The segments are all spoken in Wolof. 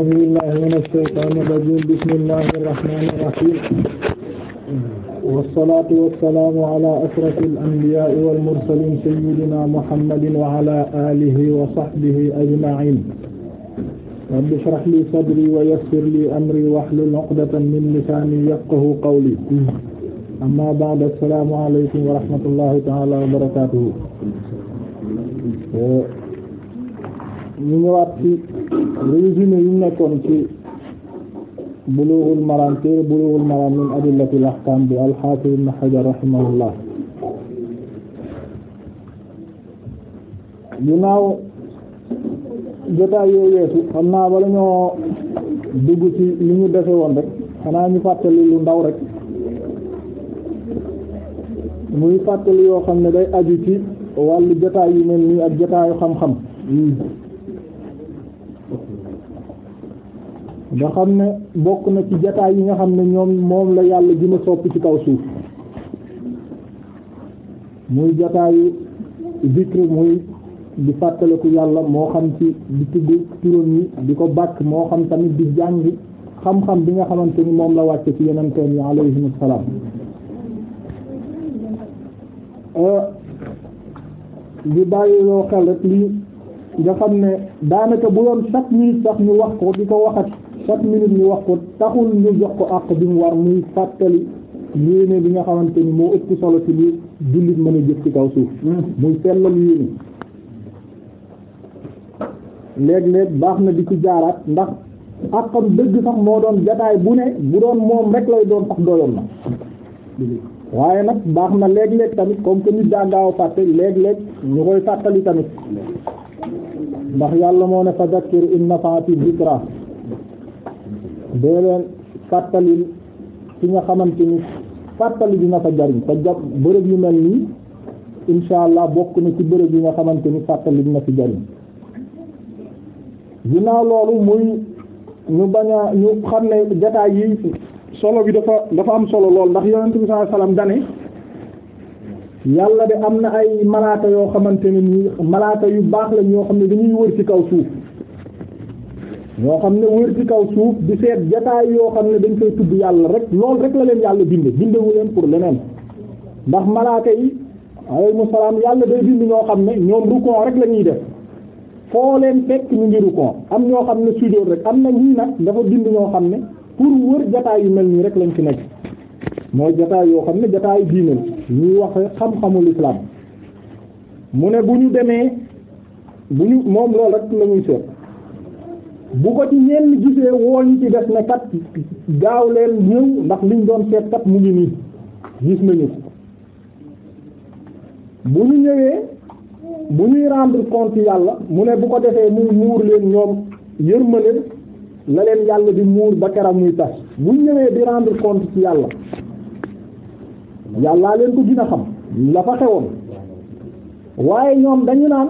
أعوذ بالله من الشيطان الرجيم بسم الله الرحمن الرحيم والصلاة والسلام على أشرف الأنبياء والمرسلين سيدنا محمد وعلى آله وصحبه أجمعين رب اشرح لي صدري ويسر لي أمري واحلل عقدة من لساني يفقهوا قولي أما بعد السلام عليكم ورحمة الله تعالى وبركاته ñu ñëwaat ci résumé yu nekkoon ci Bulughul Maram téere Bulughul Maram min adillatil ahkam bi al-Hafiz Ibn Hajar rahimahullah jotaay yooyu weesu xam naa bala ñoo dugg ci li ñu defe woon rek xanaa ñu fàttali lu ndaw rek muy fàttali yoo xam ne day aju ci wàllu jotaay yu mel nii ak jotaayu xam-xam nga xam ne bokk na ci jataay yi nga xam ne ñoom moom la yàlla gën a sopp ci kaw suuf muy yi zikr muy di fàttaliku yàlla moo xam ci di tudd turam yi di ko bàkk moo xam tamit di jàng xam-xam bi nga xamante ni moom la wàcce ci yenenteen yi alayhimu salaam euh, di bàyyi yoo xel rek lii nga xam ne daanaka bu doon chaque minute sax ñu wax ko di ko waxat chaque minute ñu wax ko taxul ñu jox ko àq bi mu war muy fàttali yéene bi nga xamante ni moo ëpp solo ci li jullit mën a jëf ci kaw suuf hmm. muy sellal yéene léeg-léeg baax na di ci jaaraat ndax àqam dëgg sax moo doon jataay bu ne bu doon moom rek lay doon sax doyoon na waaye nag baax na léeg-léeg tamit comme que nit daa gaaw fàtte léeg-léeg ñu koy fàttali tamit ndax yàlla moo ne fa zakkir in nafaati zikra dee leen fàttali ci nga xamante ni fàttali dina fa jariñ ba jàpp bërëb yu mel nii insha allah bokk na ci bërëb yi nga xamante ni fàttali dina fi jariñ ginnaaw loolu muy ñu bañ a ñu xam ne jataay yi solo bi dafa dafa am solo lool ndax yonent bi sallallahu alayhi dane yàlla de am na ay malaata yoo xamante ne nii malaata yu baax lañ yoo xam ne dañuy wër ci kaw suuf ñoo xam ne wër ci kaw suuf di seet jataay yoo xam ne dañ koy tudd yàlla rek loolu rek la leen yàlla binde bindewu leen pour leneen ndax malaaka yi alayhimu salaam yàlla day bind ñoo xam ne ñoom rukon rek lañuy def foo leen fekk ñu ngi rukon am ñoo xam ne sujjóot rek am na ñii nag dafa bind ñoo xam ne pour wër jataay yu mel nii rek lañ ci nekk mooy jataay yoo xam ne jataay diine ñuy wax xam-xamul islam mu ne bu ñu demee bu ñu moom loolu rek bu ko ci ñenn gisee woo ñu ci def ne gaaw leen ñëw ndax liñ doon seet kat mu ngi nii gis nañu ko bu ñu ñëwee bu ñuy rendre compte yàlla mu ne bu ko defee mu muur leen ñoom yërmaleen la leen yàlla di muur ba keram muy tas bu ñu ñëwee di rendre compte ci yàlla yàllaa leen ko gin a xam la fa xewoon waaye ñoom dañu naan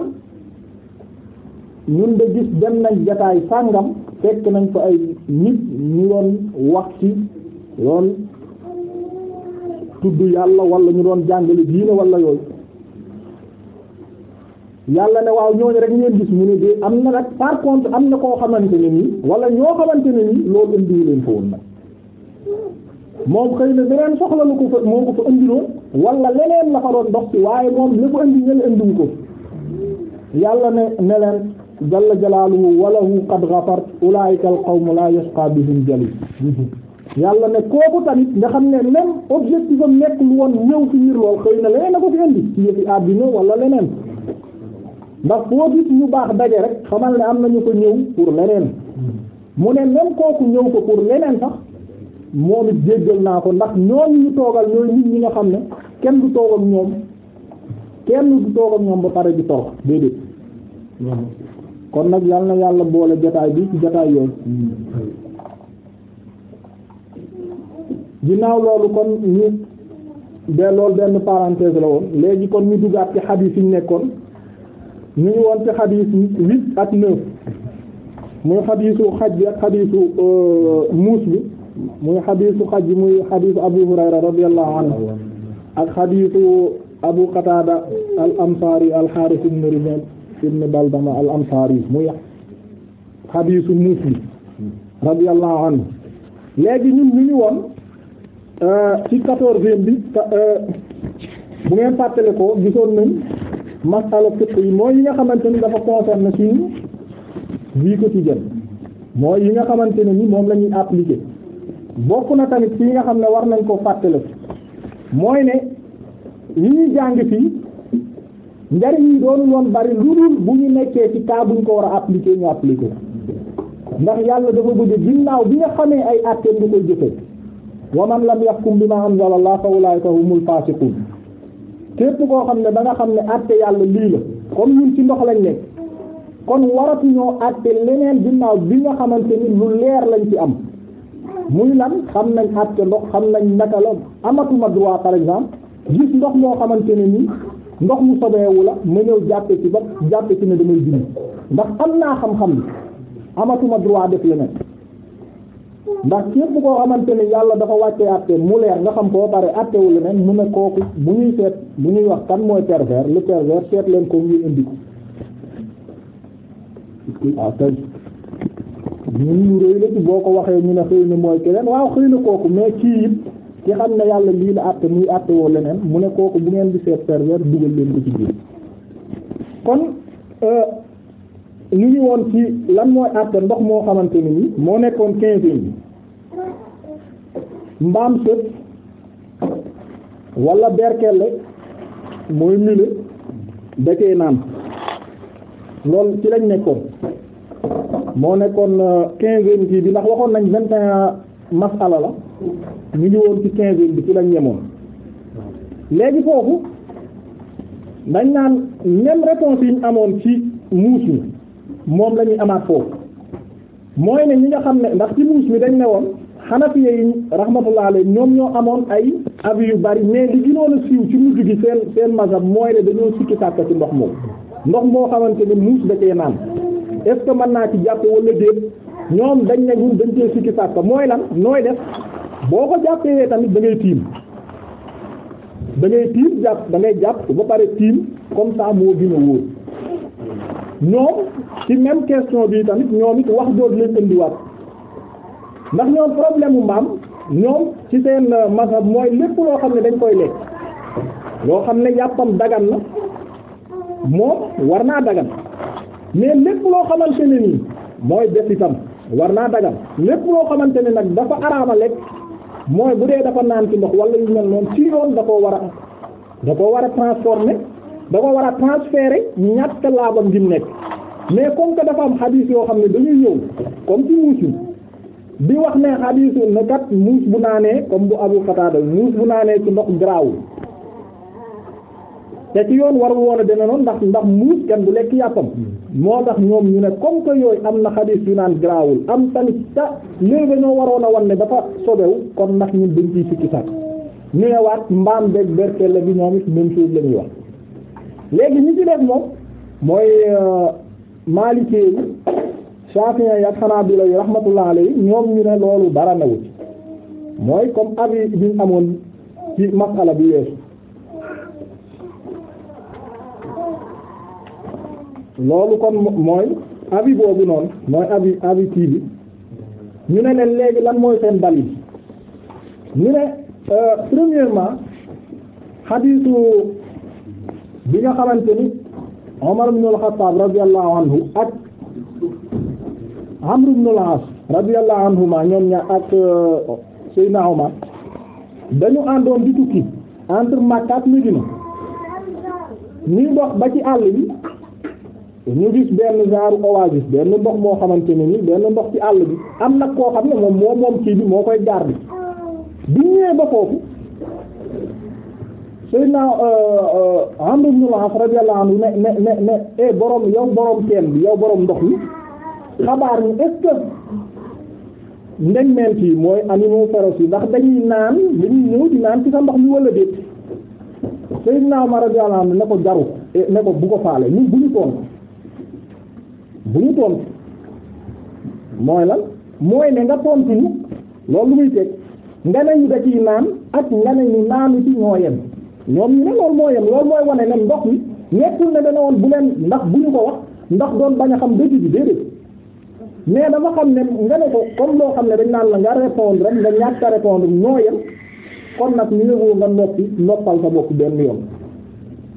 ñun de gis dem nañ jataay sàngam fekk nañ fa ay nit ñu doon wax ci loolu tudd yàlla wala ñu doon jàngale diine wala yooyu yàlla ne waaw ñooñu rek ngeen gis mu ne de am na nag par am na koo xamante ne nii wala ñoo xamante ne nii loolu indiwu leen fa woon nag moom xëy na beneen soxla lu ko fa moo ko fa indiloon wala leneen la fa doon dox ci waaye moom li ko indi ñel indiwu ko yàlla ne ne jalla jalaaluhu walahu qad ghafar ulaa'ika al qawmu la yashqa bihim jalis yàlla ne kooku tamit nga xam ne même objectif am nekkul woon ñëw ci ngir lool xëy na leneen na ko fi indi ci yëfi àddina wala leneen ndax foo gis ñu baax daje rek xamal ne am nañu ko ñëw pour leneen mu ne même kooku ñëw ko pour leneen sax moom it jéggal naa ko ndax ñooñu ñu toogal ñi nga xam ne kenn du toog ak ñoom kenn du toog ñoom ba pare di toog déedéet kon nag yàlla na yàlla boole jotaay bi ci jotaay yooyu ginnaaw loolu kon ñu de loolu benn parenthèse la woon léegi kon ñu duggaat ci xadiis yi ñu nekkoon ñu ngi woon ci xadiis huit ak neuf muy xadiisu xaj bi ak xadiisu euh, muus bi muy xadiisu xadiisu abu hurayra radiyallahu anhu ak xadiisu abu qataada al ansaari al xaaris ibn ribaad ibn Baldama al Ansaari muy xadiisu Muslim radiyallahu anhu léegi ñun ñu ngi woon euh, ci quatorzième bi euh, bu ngeen fàttale ko gisoon nañ masala fiqh yi mooy yi nga xamante ni dafa concerne suñu vie quotidienne mooy yi nga xamante ne ni moom lañuy ñuy bokk na tamit ci yi nga xam ne war nañ ko fàttale mooy ne yi ñuy jàng fii njariñ yi doon woon bari lu dul bu ñu nekkee ci cas buñ ko war a appliquer ñu appliquer ndax yàlla dafa bëgg ginnaaw bi nga xamee ay àtteem du koy jëfe wa man lam yahkum bima anzalallah fa ulaika humul fasiqun képp koo xam ne danga xam ne àtte yàlla lii la kon ñun ci ndox lañ nekk kon waratu ñoo àtte leneen ginnaaw bi nga xamante ni lu leer lañ ci am muy lan xam nañ àtte ndox xam nañ naka la amatuma droit par exemple gis ndox moo xamante ne nii ndox mu sobeewu la ma ñëw jàppe ci ba jàppe ci ne damay julli ndax am naa xam-xam ni amatuma droit def leneen ndax bu koo xamante ni yàlla dafa wàcce àtte mu leer nga xam koo pare àttewu leneen mu ne kooku bu ñuy seet bu ñuy wax kan mooy pervers le pervers seet leen ko ñuy indi ko waaw kay ñu ñu réy la ci boo ko waxee ñu ne xëy na mooy keneen waaw xëy na kooku mais kii it ki xam ne yàlla lii la àtte muy àtte woo leneen mu ne kooku bu ngeen di seet pervers dugal leen ko ci biir kon euh, ñu ngi woon ci lan mooy àtte ndox moo xamante ni nii moo nekkoon quinze yi mbaam sët wala berkelle mooy mule da cee naan loolu ci lañ nekkoon moo nekkoon euh, quinze kii bi ndax waxoon nañ vingt et masala la ñu ngi woon ci quinzième bi ci lañ ñemoon léegi foofu dañ naan même réponse yi amoon ci muus mi moom lañuy amaat foofu mooy ne ñi nga xam ne ndax ci muus mi dañ ne woon xanafiya yi rahmatullah alayhi ñoom ñoo amoon ay avis yu bari mais li gënoon a siiw ci mujj gi seen seen mazhab mooy ne dañoo sikki sàkk ci ndox moom ndox moo xamante ni muus da cee naan est ce que mën naa ci jàpp wala déet ñoom dañ ne ñun dañ cee sikki sàkk mooy lan nooy def boo ko jàppee tamit da ngay tiim dangay ngay tiim jàpp da jàpp ba pare tiim comme ça moo gën a ñoom ci même question bi tamit ñoom it wax jooju lañ indiwaat ndax ñoom problème mu mbaam ñoom ci seen euh, mazhab mooy lépp loo xam ne dañ koy lekk loo xam ne yàppam dagan na moom war naa dagan mais lépp loo xamante ne nii mooy def itam war naa dagan lépp loo xamante ne nag dafa araama lekk mooy bu dee dafa naan ci ndox walla yu mel noonu ci yoon da koo war a da koo war a transformer da ko war a transférer ñàkk laabam gi mu nekk mais comme que dafa am xadiis yoo xam ne dañuy ñëw comme ci muusi bi wax ne xadiisu ne kat muus bu naanee comme bu Abu Qatada muus bu naanee ci ndox garaawul te ci yoon waru woon a deme noonu ndax ndax muus kenn du lekk yàppam moo tax ñoom ñu ne comme que yooyu am na xadis yu naan grawul am tamit ta léegi dañoo waroon a wan ne dafa sobewu kon ndax ñun dañ ciy sikki sàkk ñu ne waat mbaam beeg berkelle bi ñoom it même chose la wax léegi ñi ci def moom mooy euh, maalikee yi Shafi'i yi ak Hanabila yi rahmatullah alayhi ñoom ñu ne loolu dara newu ci mooy comme avis bi ñu amoon ci masala bi weesu loolu kon mooy avis boobu noonu mooy avis avis kii ñu ne leen léegi lan mooy seen bali ñu ne euh, premièrement xadiisu bi nga xamante ni Omar ibn al-Khattab radiyallahu anhu ak Amr ibn al-As radiyallahu anhuma ak euh, Seydina Omar dañu àndoon di tukki entre Makka ak Medina ñuy dox ba ci àll bi ñu gis benn genre oasis benn ndox moo xamante ne ni benn ndox ci àll bi am nag koo xam ne moom moo moom kii bi moo koy garder bi ñëwee ba foofu Seydina euh, euh, Amr ibn al-As radiyallahu anhu ne ne ne ne eh borom yow borom bi yow borom ndox mi xabaar ñu est-ce que yi mooy animaux féroces yi ndax dañuy naan li ñu naan ci sa ndox mi wala déet Seydina Umar radiyallahu anhu ne ko jaru eh, ne ko bu ko faale ñun bu ñu bu ñu tontu mooy lan mooy ne nga tontu ñu loolu lu muy teg nga ne ñu da ciy naan ak nga ne ñu naanu ci ñoo yem ñoom ñu ne loolu moo yem loolu mooy wane ne ndox mi nekkul ne dana woon bu leen ndax bu ñu ko wax ndax doon bañ a xam dëgg bi déedéet mais dafa xam ne nga ne ko comme loo xam ne dañ naan la nga répondre rek nga ñàkk a répondre ñoo yem kon nag ñu ne nga noppi noppal sa bopp benn yoon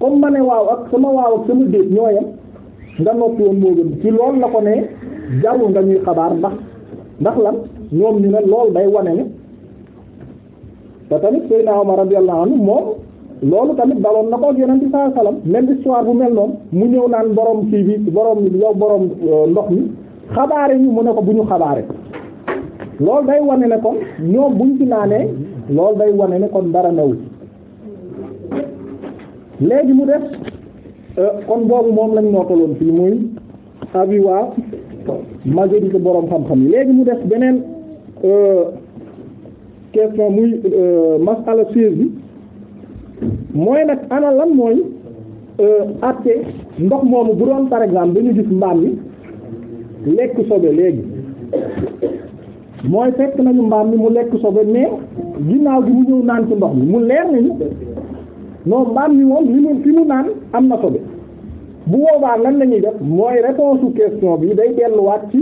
comme ma ne waaw ak sama waaw ak sama déet ñoo yem nga noppi woon moo gën ci lool na ko ne jarul nga ñuy xabaar ndax ndax lan ñoom ñu ne lool day wane ne te tamit Seydina Omar radiyallahu anhu moom loolu tamit daloon na ko ak Yonent bi sallallahu alayhi histoire bu mel noonu mu ñëw naan borom kii bi borom yow borom euh, ndox mi xabaare ñu mu ne ko bu ñu xabaare lool day wane ne kon ñoom buñ ci naanee loolu day wane ne kon dara newu léegi mu def. Euh, kon boobu moom lañ nootaloon fii muy avis waa majorité borom xam-xam yi léegi mu def beneen euh, question muy euh, masala seize bi mooy nag ana lan mooy àtte ndox moomu bu doon par exemple dañu gis mbaam mi lekk sobe léegi mooy fekk nañu mbaam mi mu lekk sobe mais ginnaaw gi mu ñëw naan ci ndox mi mu leer nañu non mbaam mi moom li mu fi mu naan am na sobe bu boobaa lan la ñuy def mooy réponse u question bi day delluwaat ci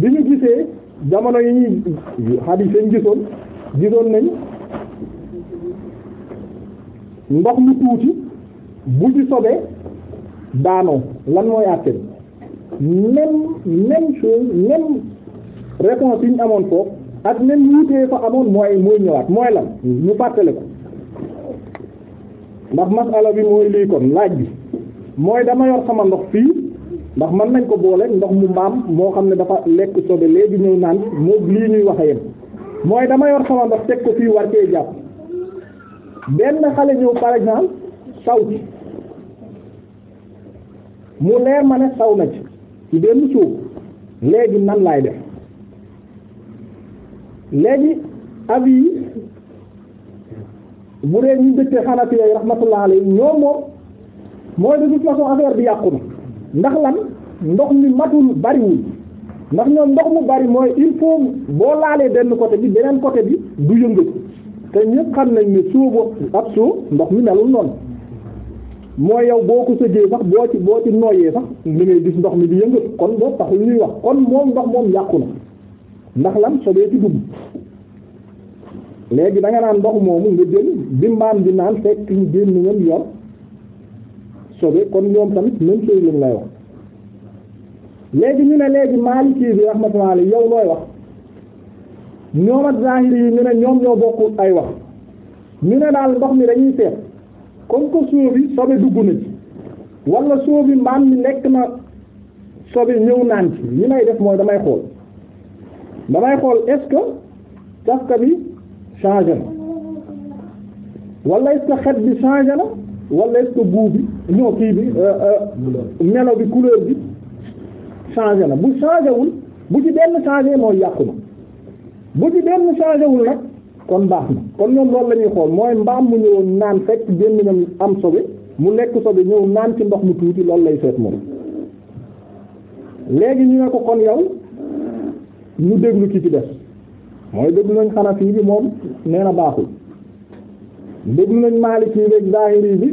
bi ñu gisee jamono yi ñuy xadis yi gisoon gisoon nañ ndox mu tuuti bu ci sobee daanoo lan mooy àtte même même chose même réponse yi ñu amoon foofu ak même wuutee fa amoon mooy mooy ñëwaat mooy lan ñu fàttale ko ndax masala bi mooy lii kon laaj bi mooy dama yor sama ndox fii ndax man nañ ko boole ndox mu mbaam moo xam ne dafa lekk sobe léegi ñëw naan moom lii ñuy wax a mooy dama yor sama ndox teg ko fii war cee jàpp benn xale ñëw par exemple saw ci mu leer ma ne saw na ci ci benn suuf léegi nan laay def léegi avis bu dee ñu dëkkee xanafi yi rahmatullah alayhi ñoom moom mooy de toute façon affaire bi yàqu na ndax lan ndox mi matul bariwul ndax ñoom ndox mu bari mooy il faut boo laalee denn côté bi beneen côté bi du yëngatu te ñëpp xam nañ ne suubu ab suuf ndox mi melul noon mooy yow boo ko sëjee sax boo ci boo ci nooyee sax li ngay gis ndox mi bi yëngatu kon boo taxul ñuy wax kon moom ndox moom yàqu na ndax lan sobee ci dugg léegi danga naan ndox moomu nga jël bi mbaam di naan fekk ñu génn ñoom yor sobe kon ñoom tamit même chose lañ wax léegi ñu ne léegi Maliki bi rahmatullah yow looy wax ñoom ak zahiri yi ñu ne ñoom ñoo bokk ay wax ñu ne daal ndox mi dañuy seet comme que sóob yi sobe dugg na ci wala sóob mbaam mi nekk na sobe ñëw naan ci li may def mooy damay xool damay xool est-ce bi. changé na wala est-ce que xet bi changé na wala est-ce que goût bi non kii bi euh, euh, melo bi couleur bi changé na bu changé wul bu ci benn changé mooy yàqu na bu ci benn changé wul nag kon baax na kon ñoom loolu la ñuy xool mooy mbaam mu ñëwoon naan fekk gémmiñam am sobe mu lekk sobe ñëw naan ci ndox mu tuuti loolu lay seet moom léegi ñu ne ko kon yow mu déglu ki ci def mooy déglu nañ xanafi bi moom nee na baaxul déglu nañ maaliki bi ak zahiri bi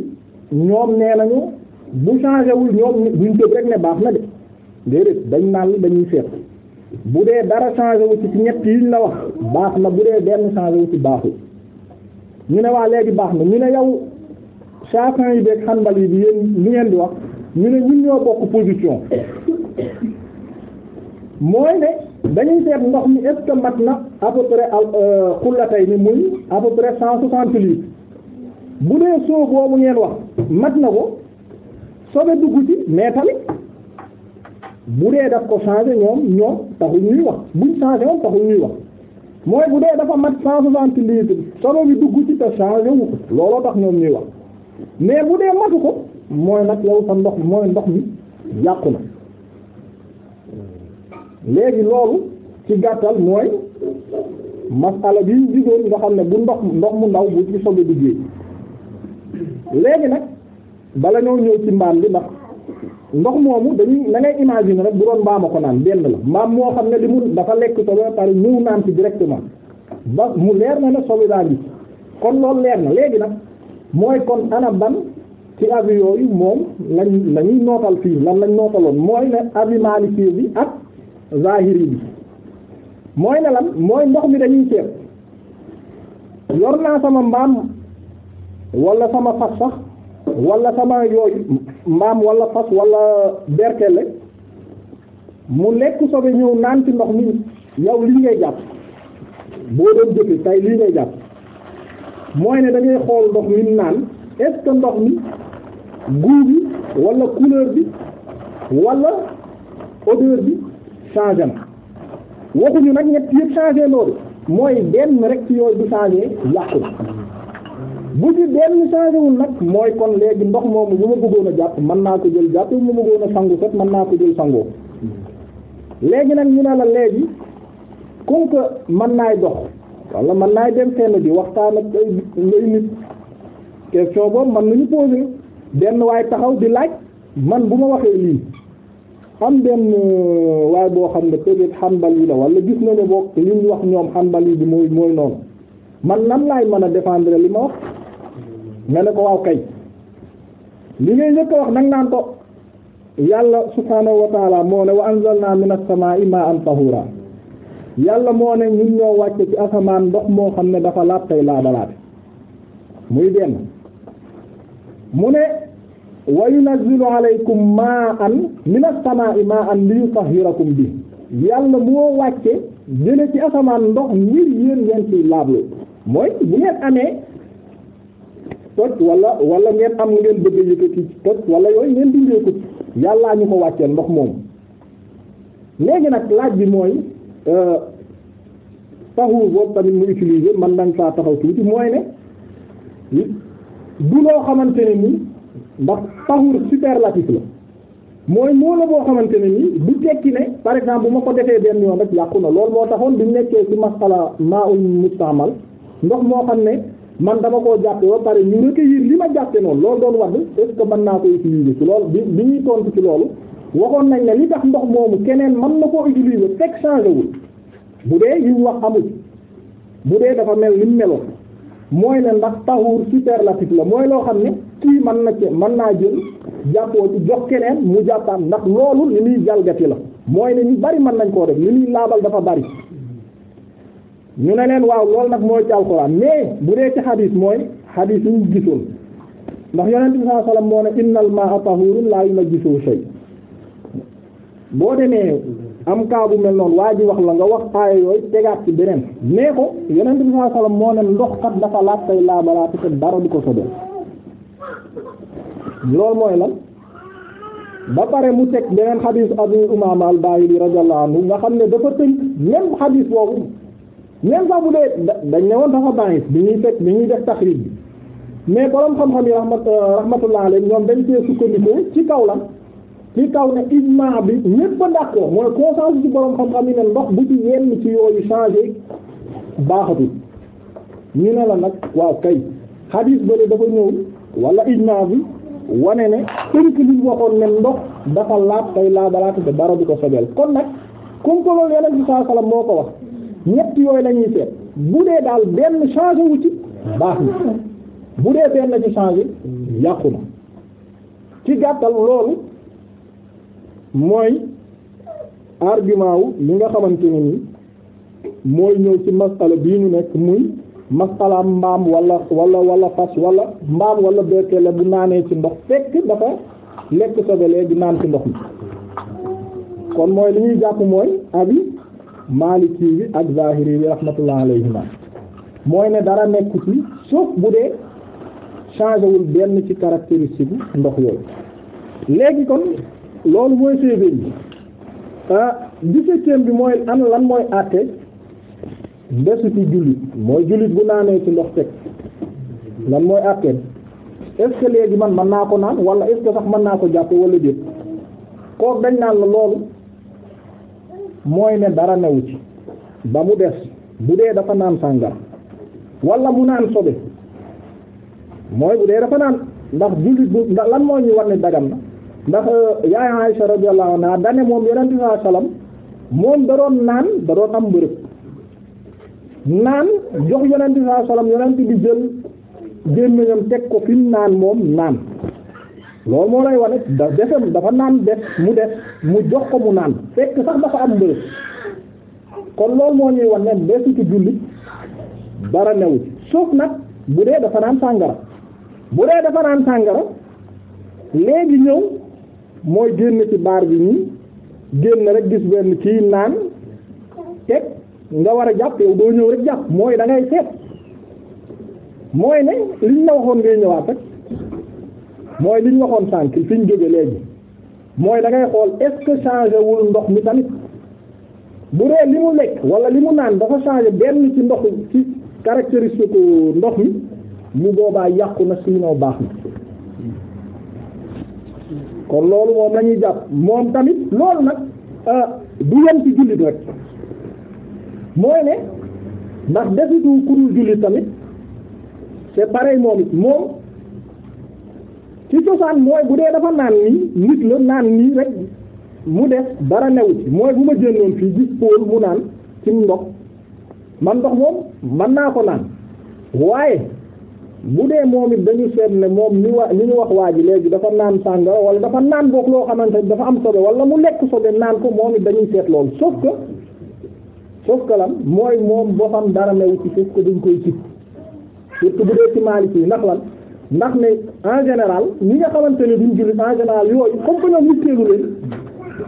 ñoom nee nañu bu changé wul ñoom duñ tëb rek ne baax na de déedéet dañ naan dañuy seet bu dee dara changé wu ci ñett yi ñu la baax na bu dee benn changé wu ci baaxul ñu ne waa léegi baax na ñu ne yow Shafi'i yi beeg Hanbali bi yéen ñu ngeen di wax ñu ne ñun ñoo bokk position mooy dañuy seet ndox mi est-ce que mat na à peu près euh, xullatay ni muy à peu près cent soixante litres bu dee soo boobu ngeen wax mat na ko sobe dugg ci mais tamit bu dee daf ko changé ñoom ñoom taxul ñuy wax buñ changé woon taxul ñuy wax mooy bu dee dafa mat cent soixante litres sobe bi dugg ci te changé wu ko looloo tax ñoom ñuy wax mais bu dee matu ko mooy nag yow sa ndox mooy ndox mi yàqu na léegi loolu ci gàttal mooy masala bi ñu gisoon nga xam ne bu ndox ndox mu ndaw bu ci sobe duggee léegi nag bala noo ñëw ci mbaam bi ndax ndox moomu dañuy na ngay imaginer rek bu doon mbaam a ko naan benn la mbaam moo xam ne li mu dafa lekk sobe pare ñëw naan ci directement ba mu leer na ne sobe daa bi kon loolu leer na léegi nag mooy kon ana ban ci avis yooyu moom lañ lañuy nootal fii lan lañ nootaloon mooy ne avis Maliki bi ak zahiri bi mooy ne mooy ndox mi dañuy ceeb yor naa sama mbaam walla sama fas sax wala sama yooyu mbaam wala fas wala berkele mu lekk sobe ñëw naan ci ndox mi yow lii ngay jàpp boo doon jëfe tay lii ngay jàpp mooy ne da xool ndox mi naan est ndox mi goût bi wala bi wala odeur bi changé na waxuñu nag ñett yëpp changé loolu mooy benn rek ci yooyu bu changé yàqu bu ci benn changé nag mooy kon léegi ndox moom bu ma bëggoon a jàpp man naa ko jël jàpp bu ma bëggoon a sangu set mën naa ko jël sangoo léegi nag ñu ne la léegi comme que naay dox wala mën naay dem fenn di waxtaan ak ay nit question boobu mën nañu poser benn waay taxaw di laaj man bu ma waxee lii am benn euh, waaye boo xam ne peut-être xambal yi la wala gis na ne boo li ñu wax ñoom xambal yi bi mooy mooy noonu man lan laay mën a défendre li ma wax nga ne ko waaw kay li ngay njëkk wax nag naan ko yàlla subhaanahu wa taala moo ne wa anzalna minas samaa'i ma'an tahura yàlla moo ne ñun ñoo wàcce ci asamaan ndox moo xam ne dafa laab tey laabalaate muy benn mu ne wa yunazzilu alaykum ma'an minas samaa'i ma'an liyutahhirakum bi yàlla moo wàcce jële ci asamaan ndox ngir yéen ngeen ci laablu mooy bu ngeen amee toj wala wala ngeen am ngeen bëgg yëkkati toj wala yooyu ngeen dindee ko yàllaa ñu ko wàccee ndox moomu léegi nag laaj bi mooy euh, taxul boobu tamit mu utiliser man nañ saa taxaw tuuti mooy ne du loo xamante ne nii ndax tahur superlatif la mooy moo la boo xamante ne nii bu tekki ne par exemple bu ma ko defee benn yoon rek yàqu na lool moo taxoon bi nekkee ci masala maa ul mustaamal ndox moo xam ne man dama koo jàppe ba pare ñu recueillir li ma jàppe noonu loolu doon wadd est-ce naa ko utiliser ci loolu bi bi ñuy tontu ci loolu waxoon nañ ne li tax ndox moomu keneen mën na koo utiliser fekk changé wul bu dee yiñ wax amul bu dee dafa mel ni melo mooy ne ndax tahur superlatif la mooy loo xam ne kii man na ci mën naa jël jàppoo ci jox keneen mu jàppaan ndax loolu li muy jalgati la mooy ne ni bari man nañ koo def li muy laabal dafa bari ñu ne leen waaw lool nag mooy ci alxuraan mais bu dee ci xadiis mooy xadiis yi ñu gisoon ndax yonent bi sallallahu alayhi wasallam moo ne innal maa'a tahuurun laa yunajjisuhu shay boo demee am kaa bu mel noonu waa ji wax la nga wax aaya yooyu tegaat ci beneen nee ko yonent bi sallallahu alayhi moo ne ndox kat dafa laaj tey laabalaati te loolu mooy lan ba pare mu teg beneen xadiis Abu Umaama al-Baahili radiyallahu anhu nga xam ne dafa tënk même xadiis boobu nen sax bu dee dañ ne woon dafa bàyyi bi ñuy teg bi ñuy def taxriij bi mais borom xam-xam yi rahmat rahmatullah alayhi ñoom dañ cee sukkandiku ci kaw la ci kaw ne ijmaa bi ñépp a d'accord mooy consensus ci borom xam-xam yi ne ndox bu ci yenn ci yooyu changé baaxatul ñu ne la nag waaw kay xadiis bële dafa ñëw wala ijmaa bi. wane ne tënk li ñu waxoon ne ndox dafa laab laa laabalaate te dara du ko sobeel kon nag comme que loolu yeneen bi saa moo ko wax ñett yooyu la ñuy seet bu dee daal benn changé wu ci baax na bu dee benn la ci changé yàqu na ci gàttal loolu mooy argument wu li nga xamante ni mooy ñëw ci masala bii ñu nekk muy masala mbaam wala wala wala fas wala mbaam wala berkele bu naanee ci ndox. fekk dafa lekk sobelee di naan ci ndox mi kon mooy li ñuy jàpp mooy abi maliki bi ak zahiri bi rahmatullah alayhima mooy ne dara nekku ci sauf bu dee changé benn ci caractéristique ndox yooyu léegi kon loolu mooy séeséen bi ah dix bi mooy an lan mooy àtte ndesu ci jullit mooy jullit bu naanee ci ndox teg lan mooy àtte est-ce léegi man mën naa ko naan wala est-ce que sax mën naa ko jàppe wala déet kooku dañ naan la loolu mooy ne dara newu ci ba mu des bu dee dafa naan sàngara wala mu naan sobe mooy bu dee dafa naan ndax jullit bu ndax lan moo ñu war ne dagam na ndax euh, yaay Aisha radiyallahu anha dane moom yonente sallallahu alayhi wasallam moom da doon naan da doon am mbërëg naan jox yonente sallallahu alayhi wasallam yonente bi jël gémmiñam teg ko fi mu naan moom naan loolu moo lay wane da defam dafa naan def mu def mu jox ko mu naan fekk sax dafa am mbërëb kon loolu moo ñuy wane ne ci julli dara new sauf nag bu dee dafa naan sàngara bu dee dafa naan sàngara léegi ñëw mooy génn ci baar bi ñi génn rek gis benn kii naan teg nga war a jàpp yow doo ñëw rek jàpp mooy da ngay seet mooy ne liñ la waxoon ngay ñëwaat rek mooy liñ waxoon sànk fi ñu jóge léegi mooy da ngay xool est-ce que changé wul ndox mi tamit bu dee li mu lekk wala li mu naan dafa changé benn ci ndox ci caractéristique ndox mi mu boobaa yàqu na sinon baax na kon loolu moom la ñuy jàpp moom tamit lool nag euh, du yem ci jullit rek mooy ne ndax ku kurul jullit tamit c'est pareil moom it moom ci cosaan mooy bu dee dafa naan nii nit la naan nii rek mu def dara new ci mooy bu ma jëndoon fii gis póol mu naan ci ndox man ndox moom mën naa ko naan waaye bu dee moom it dañu seet ne moom ni wa ni ñu wax waa ji léegi dafa naan sàngara wala dafa naan boog loo xamante dafa am sobe wala mu lekk sobe naan ko moom it dañuy seet loolu sauf que sauf que lan mooy moom boo xam dara new ci sauf que dañ koy cib surtout bu dee ci Maliki yi ndax lan ndax ne en général ñi nga xamante ne duñ jullit en général yooyu comme que ñoom nitteelu leen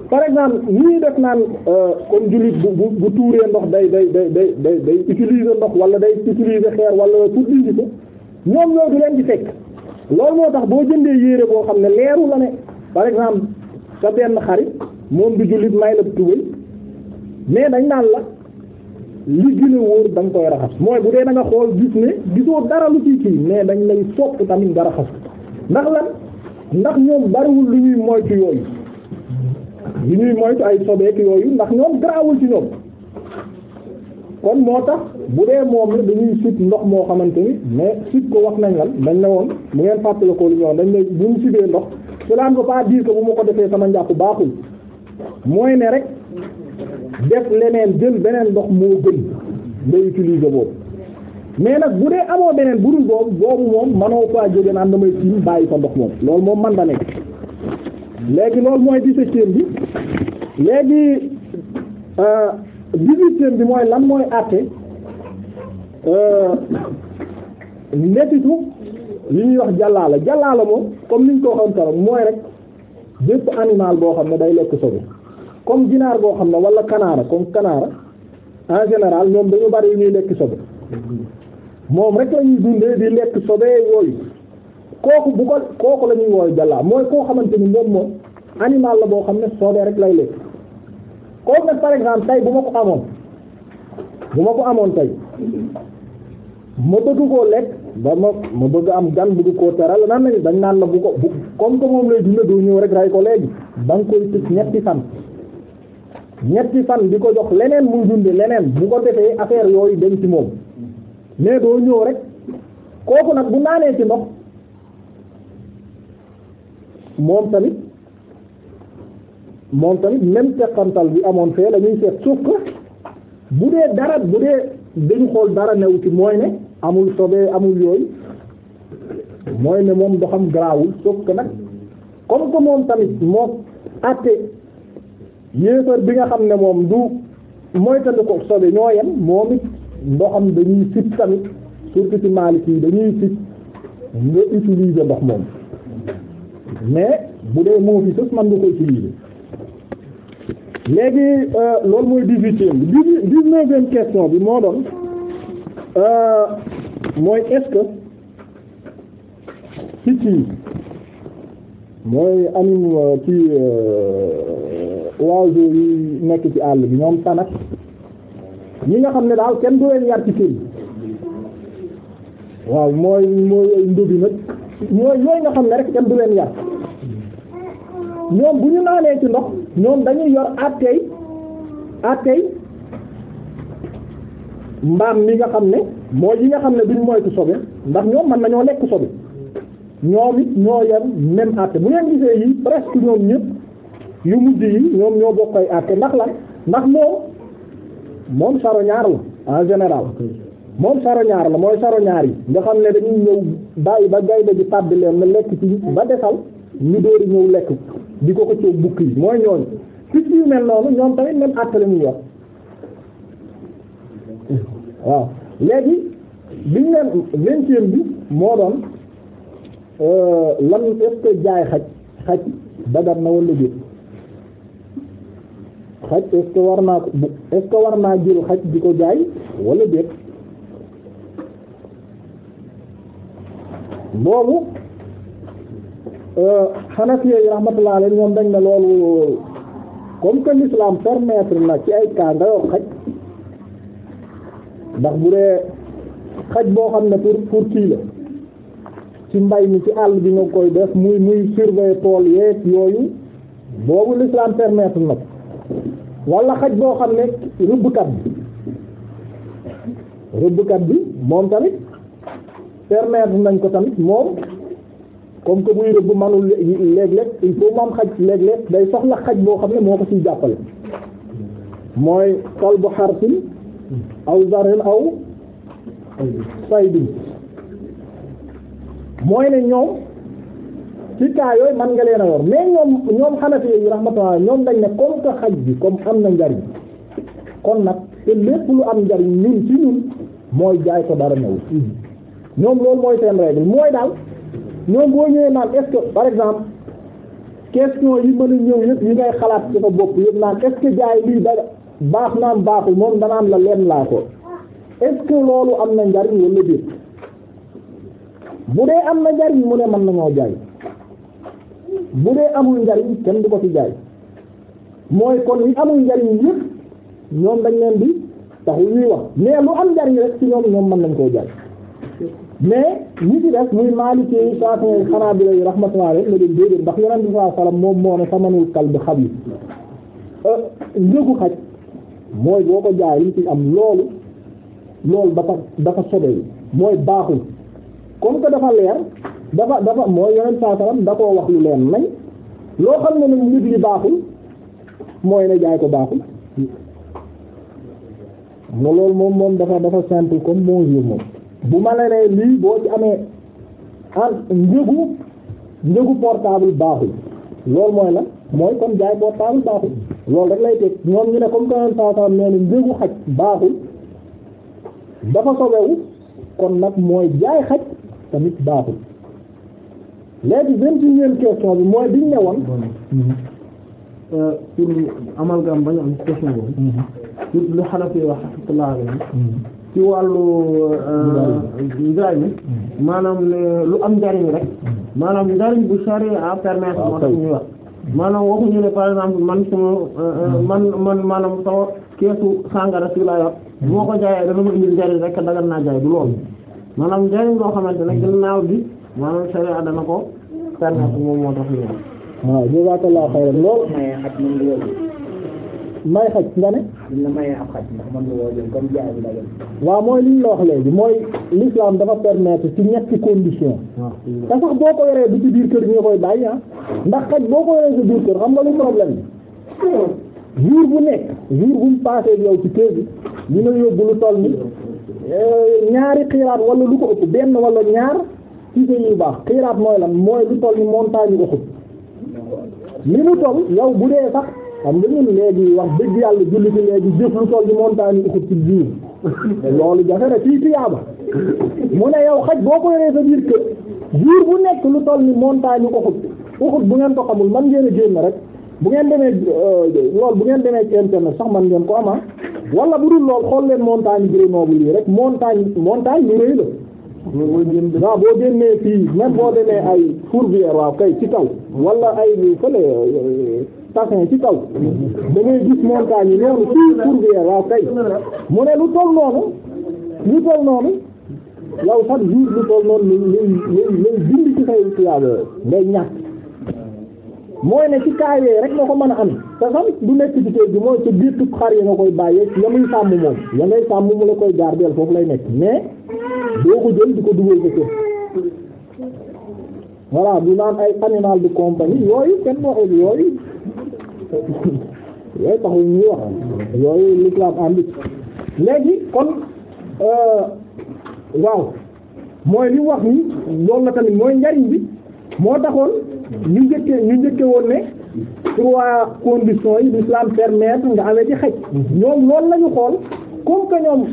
par exemple ñii def naan euh, comme jullit bu bu bu tuuree ndox day day day day day day utiliser ndox wala day utiliser xeer wala pour dindi ko du leen di fekk loolu moo tax boo jëndee yére boo xam ne leeru la ne par exemple sa benn xarit moom du jullit may la tubal mais dañ naan la li gën a wóor da nga koy raxas mooy bu dee da nga xool gis ne gisoo dara lu ci kii mais dañ lay sopp tamit nga raxas ndax lan ndax ñoom bariwul lu ñuy moytu yooyu lu ñuy moytu ay sobeek yooyu ndax ñoom garaawul ci ñoom kon moo tax bu dee moom la dañuy sib ndox moo xamante ni mais sib ko wax nañ lan dañ ne woon bu ngeen fàttale ko lu ñu dañ ne bu mu sibee ndox cela ne veut pas dire bu ma ko defee sama njàpp baaxul mooy ne rek def leneen jël beneen ndox moo gën nga utiliser boobu mais nag bu dee amoo beneen bu dul boobu boobu moom manoo faa jóge naan damay tiim bàyyi fa ndox moom loolu moom man da nekk léegi loolu mooy dix-septième bi léegi euh, dix-huitième bi mooy lan mooy àtte euh, nettitu li ñuy wax jàllaa la jàllaa la moom comme niñ ko waxoon karam mooy rek bépp animal boo xam ne day lekk sobe comme ginaar boo xam ne wala kanaara comme kanaara en général ñoom dañu bari yu ñuy lekk sobe moom rek la ñuy dundee di lekk sobe yooyu kooku bu ko kooku la ñuy wooyu jàllaa mooy koo xamante ni moom moom animal la boo xam ne sobe rek lay lekk kooku nag par exemple tey bu ma ko amoon bu ma ko amoon tey ma bëgg koo lekk ba ma ma bëgg am gan bëgg koo teral nan lañu dañ naan la bu ko bu comme que moom lay dund doo ñëw rek ray ko léegi ba nga koy tëj ñetti fan di ko jox leneen muy dunde leneen bu ko defee affaire yooyu dem ci moom mais doo ñëw rek kooku nag bu naanee ci ndox moom tamit moom tamit même tal bi amoon fee la ñuy seet bu dee dara bu dee dañu xool dara new ci mooy ne amul sobee amul yooyu mooy ne moom doxam garaawul sauf que nag comme que moom tamit moo àtte yéefar bi nga xam ne moom du moytandi ko sobe ñoo yem moom it ndoxam dañuy sib tamit surtout ci Maliki yi dañuy sib nga utiliser ndox moom mais bu dee moo fi sës man nga ko utiliser léegi euh, loolu mooy dix-huitième bi dix question bi moo doon euh, mooy est-ce que picc yi mooy am ci euh, waaw yi nekk ci àll bi ñoom tanak yi nga xam ne daal kenn du leen yar ci kër waaw mooy mooy yooyu ndobi nag mooy yooyu nga xam ne rek kenn du leen yar ñoom bu ñu naanee ci ndox ñoom dañuy yor àtteey àtteey mbaam mi nga xam ne mooy yi nga xam ne duñ moytu sobe ndax ñoom mën nañoo lekk sobe ñoom it ñoo yem même àtte bu ngeen gisee yi presque ñoom ñëpp yu mujj yi ñoom ñoo bokk ay ndax la ndax moom moom charognard la en général moom charognard la mooy ñaar yi nga xam ne dañuy ñëw bàyyi ba gaynde ji tàbbi leen na lekk ci ba desal ñu dóori ñëw lekk di ko ko coob bukk yi mooy ñooñu picc yu mel noonu ñoom tamit même àtte la ñuy yor waaw léegi biñ leen vingtième bi moo doon euh, lan est jaay xaj xaj dagar na wala déet xaj est ce que war naa ko est ce war naa jël xaj bi ko jaay wala déet boobu xanat euh, yooyu rahmatullah alayhi ñoom dañ ne loolu comme que l'islam permettre na ci ay cas nga yor xaj ndax bu dee xaj boo xam ne pour pour kii la ci mbay mi ci àll bi nga koy def muy muy surveiller tool yeeg yooyu boobu l'islam permettre na wala xaj boo xam ne rëbbkat bi rëbbkat bi moom tamit permettre nañ ko tamit moom comme que muy rëbb manul léeg-léeg il faut moom xaj léeg-léeg day soxla xaj boo xam ne moo ko ciy jàppale mooy kalbu xarsin aw zarin aw saydin mooy ne ñoom ci cas yooyu mën nga leen a yor mais ñoom ñoom xanafi yi rahmatullah ñoom dañ ne comme que xaj bi comme am na njariñ kon nag te lépp lu am njariñ ñun ci ñun mooy jaay ko dara ñëw ñoom loolu mooy seen règle mooy daal ñoom boo ñëwee naan est par exemple question yi mën a ñëw yëpp yi ngay xalaat ci sa bopp yëpp naan est jaay lii dara baax naam baaxul moom danaan la leen laa ko est loolu am na njariñ wala déet bu dee am na njariñ mu ne mën nañoo jaay bu dee amul njariñ kenn du ko ci jaay mooy kon yi amul njariñ yëpp ñoom dañ leen di taxul ñuy wax mais lu am njariñ rek ci ñoom ñoom mën nañ koo jaay mais ñi ci des muy maalikee yi saafee xanaa bi lay raxmatullah rek na ndax yonent bi sallallahu alayhi wasallam moom moo ne samanul kalbi xabis euh, njëgu xaj mooy boo ko jaay li ci am loolu loolu dafa dafa sobee mooy baaxul comme que dafa leer dafa dafa mooy yeneen saa salaam da koo wax lu leen nañ loo xam ne nag nit li baaxul mooy ne jaay ko baaxul nga loolu moom moom dafa dafa simple comme bonjour moom bu ma la nee lii boo ci amee en njëgu njëgu portable baaxul loolu mooy la mooy kon jaay portable baaxul loolu rek lay teg ñoom ñu ne comme que yeneen ne salaam nee na njëgu xaj baaxul dafa sobewu kon nag mooy jaay xaj tamit baaxul léegi vingt unième question bi mooy biñ ne woon euh, euh, pour amalgame bañ am question boobu pour mm-hmm. lu xalafi wax rahmatullah alayhi mm-hmm. ci wàllu euh, njariñ mm-hmm. maanaam ne lu am njariñ rek maanaam njariñ bu charia permettre moo tax ñuy wax maanaam waxuñu ne par exemple man sama man man maanaam sama keesu sàngara si laa yor moo ko jaayee dana ma indil njariñ rek dagan naa jaay du loolu maanaam njariñ loo xamante ne ginnaaw bi maanaam charia dana ko sànnaatu moom moo tax ñu waaw jazaakallaahu xayran lool may xaj nga ne. waaw mooy li ñu la wax léegi mooy l'islam dafa permettre ci ñetti condition ah, te sax boo ko yoree du ci biir kër gi nga koy bàyyi ah. ndax xaj boo ko yoree ci biir kër xam nga lu problème bi jour bu nekk jour bu mu passé yow ci kër gi dina yóbbu lu toll ni euh, ñaari xiraat wala lu ko ëpp benn wala ñaar. cité yu baax xiraat mooy lan mooy lu toll ni montagne Uhud li mu toll yow bu dee sax xam nga ñun léegi wax dëgg yàlla julli ci léegi jëf lu toll ni montagne Uhud ci biir loolu jafe na fii tiyaaba mu ne yow xaj boo ko yoree sa biir kër jour bu nekk lu toll ni montagne Uhud Uhud bu ngeen ko xamul man ngeen a génn rek bu ngeen demee euh, loolu bu ngeen demee ci internet sax man ngeen ko ama ah. wala bu dul lool xool leen montagne Grenoble yi rek montagne montagne lu mais boo jëndee non boo jëndee fii même boo demee ay fourbière waaw kay ci kaw wala ay fële euh, tassin ci kaw da ngay gis montagne yi noonu fii fourbière waaw kay mu ne lu toll noonu lu toll noonu yow sax jour lu toll noonu lay lay lay bind ci say tuyaaba ngay ñàkk mooy ne ci kaayee rek nga ko mën a am te tamit du nekk ci kër gi mooy ci biir xar yi nga koy bàyyee ya muy sàmm moom ya ngay sàmm mu la koy gardeel foofu lay nekk mais. doo ko jël di ko dugal ko kër voilà du naan ay animal de compagnie yooyu kenn waxul yooyu yooyu taxul ñuy wax yooyu l'islam andi léegi kon euh, waaw mooy li wax ni loolu la tamit mooy njariñ bi moo taxoon ñu njëkke ñu njëkke woon ne trois conditions yi l'islam permettre nga amee ci xaj mm-hmm. ñoom loolu lañu xool comme que ñoom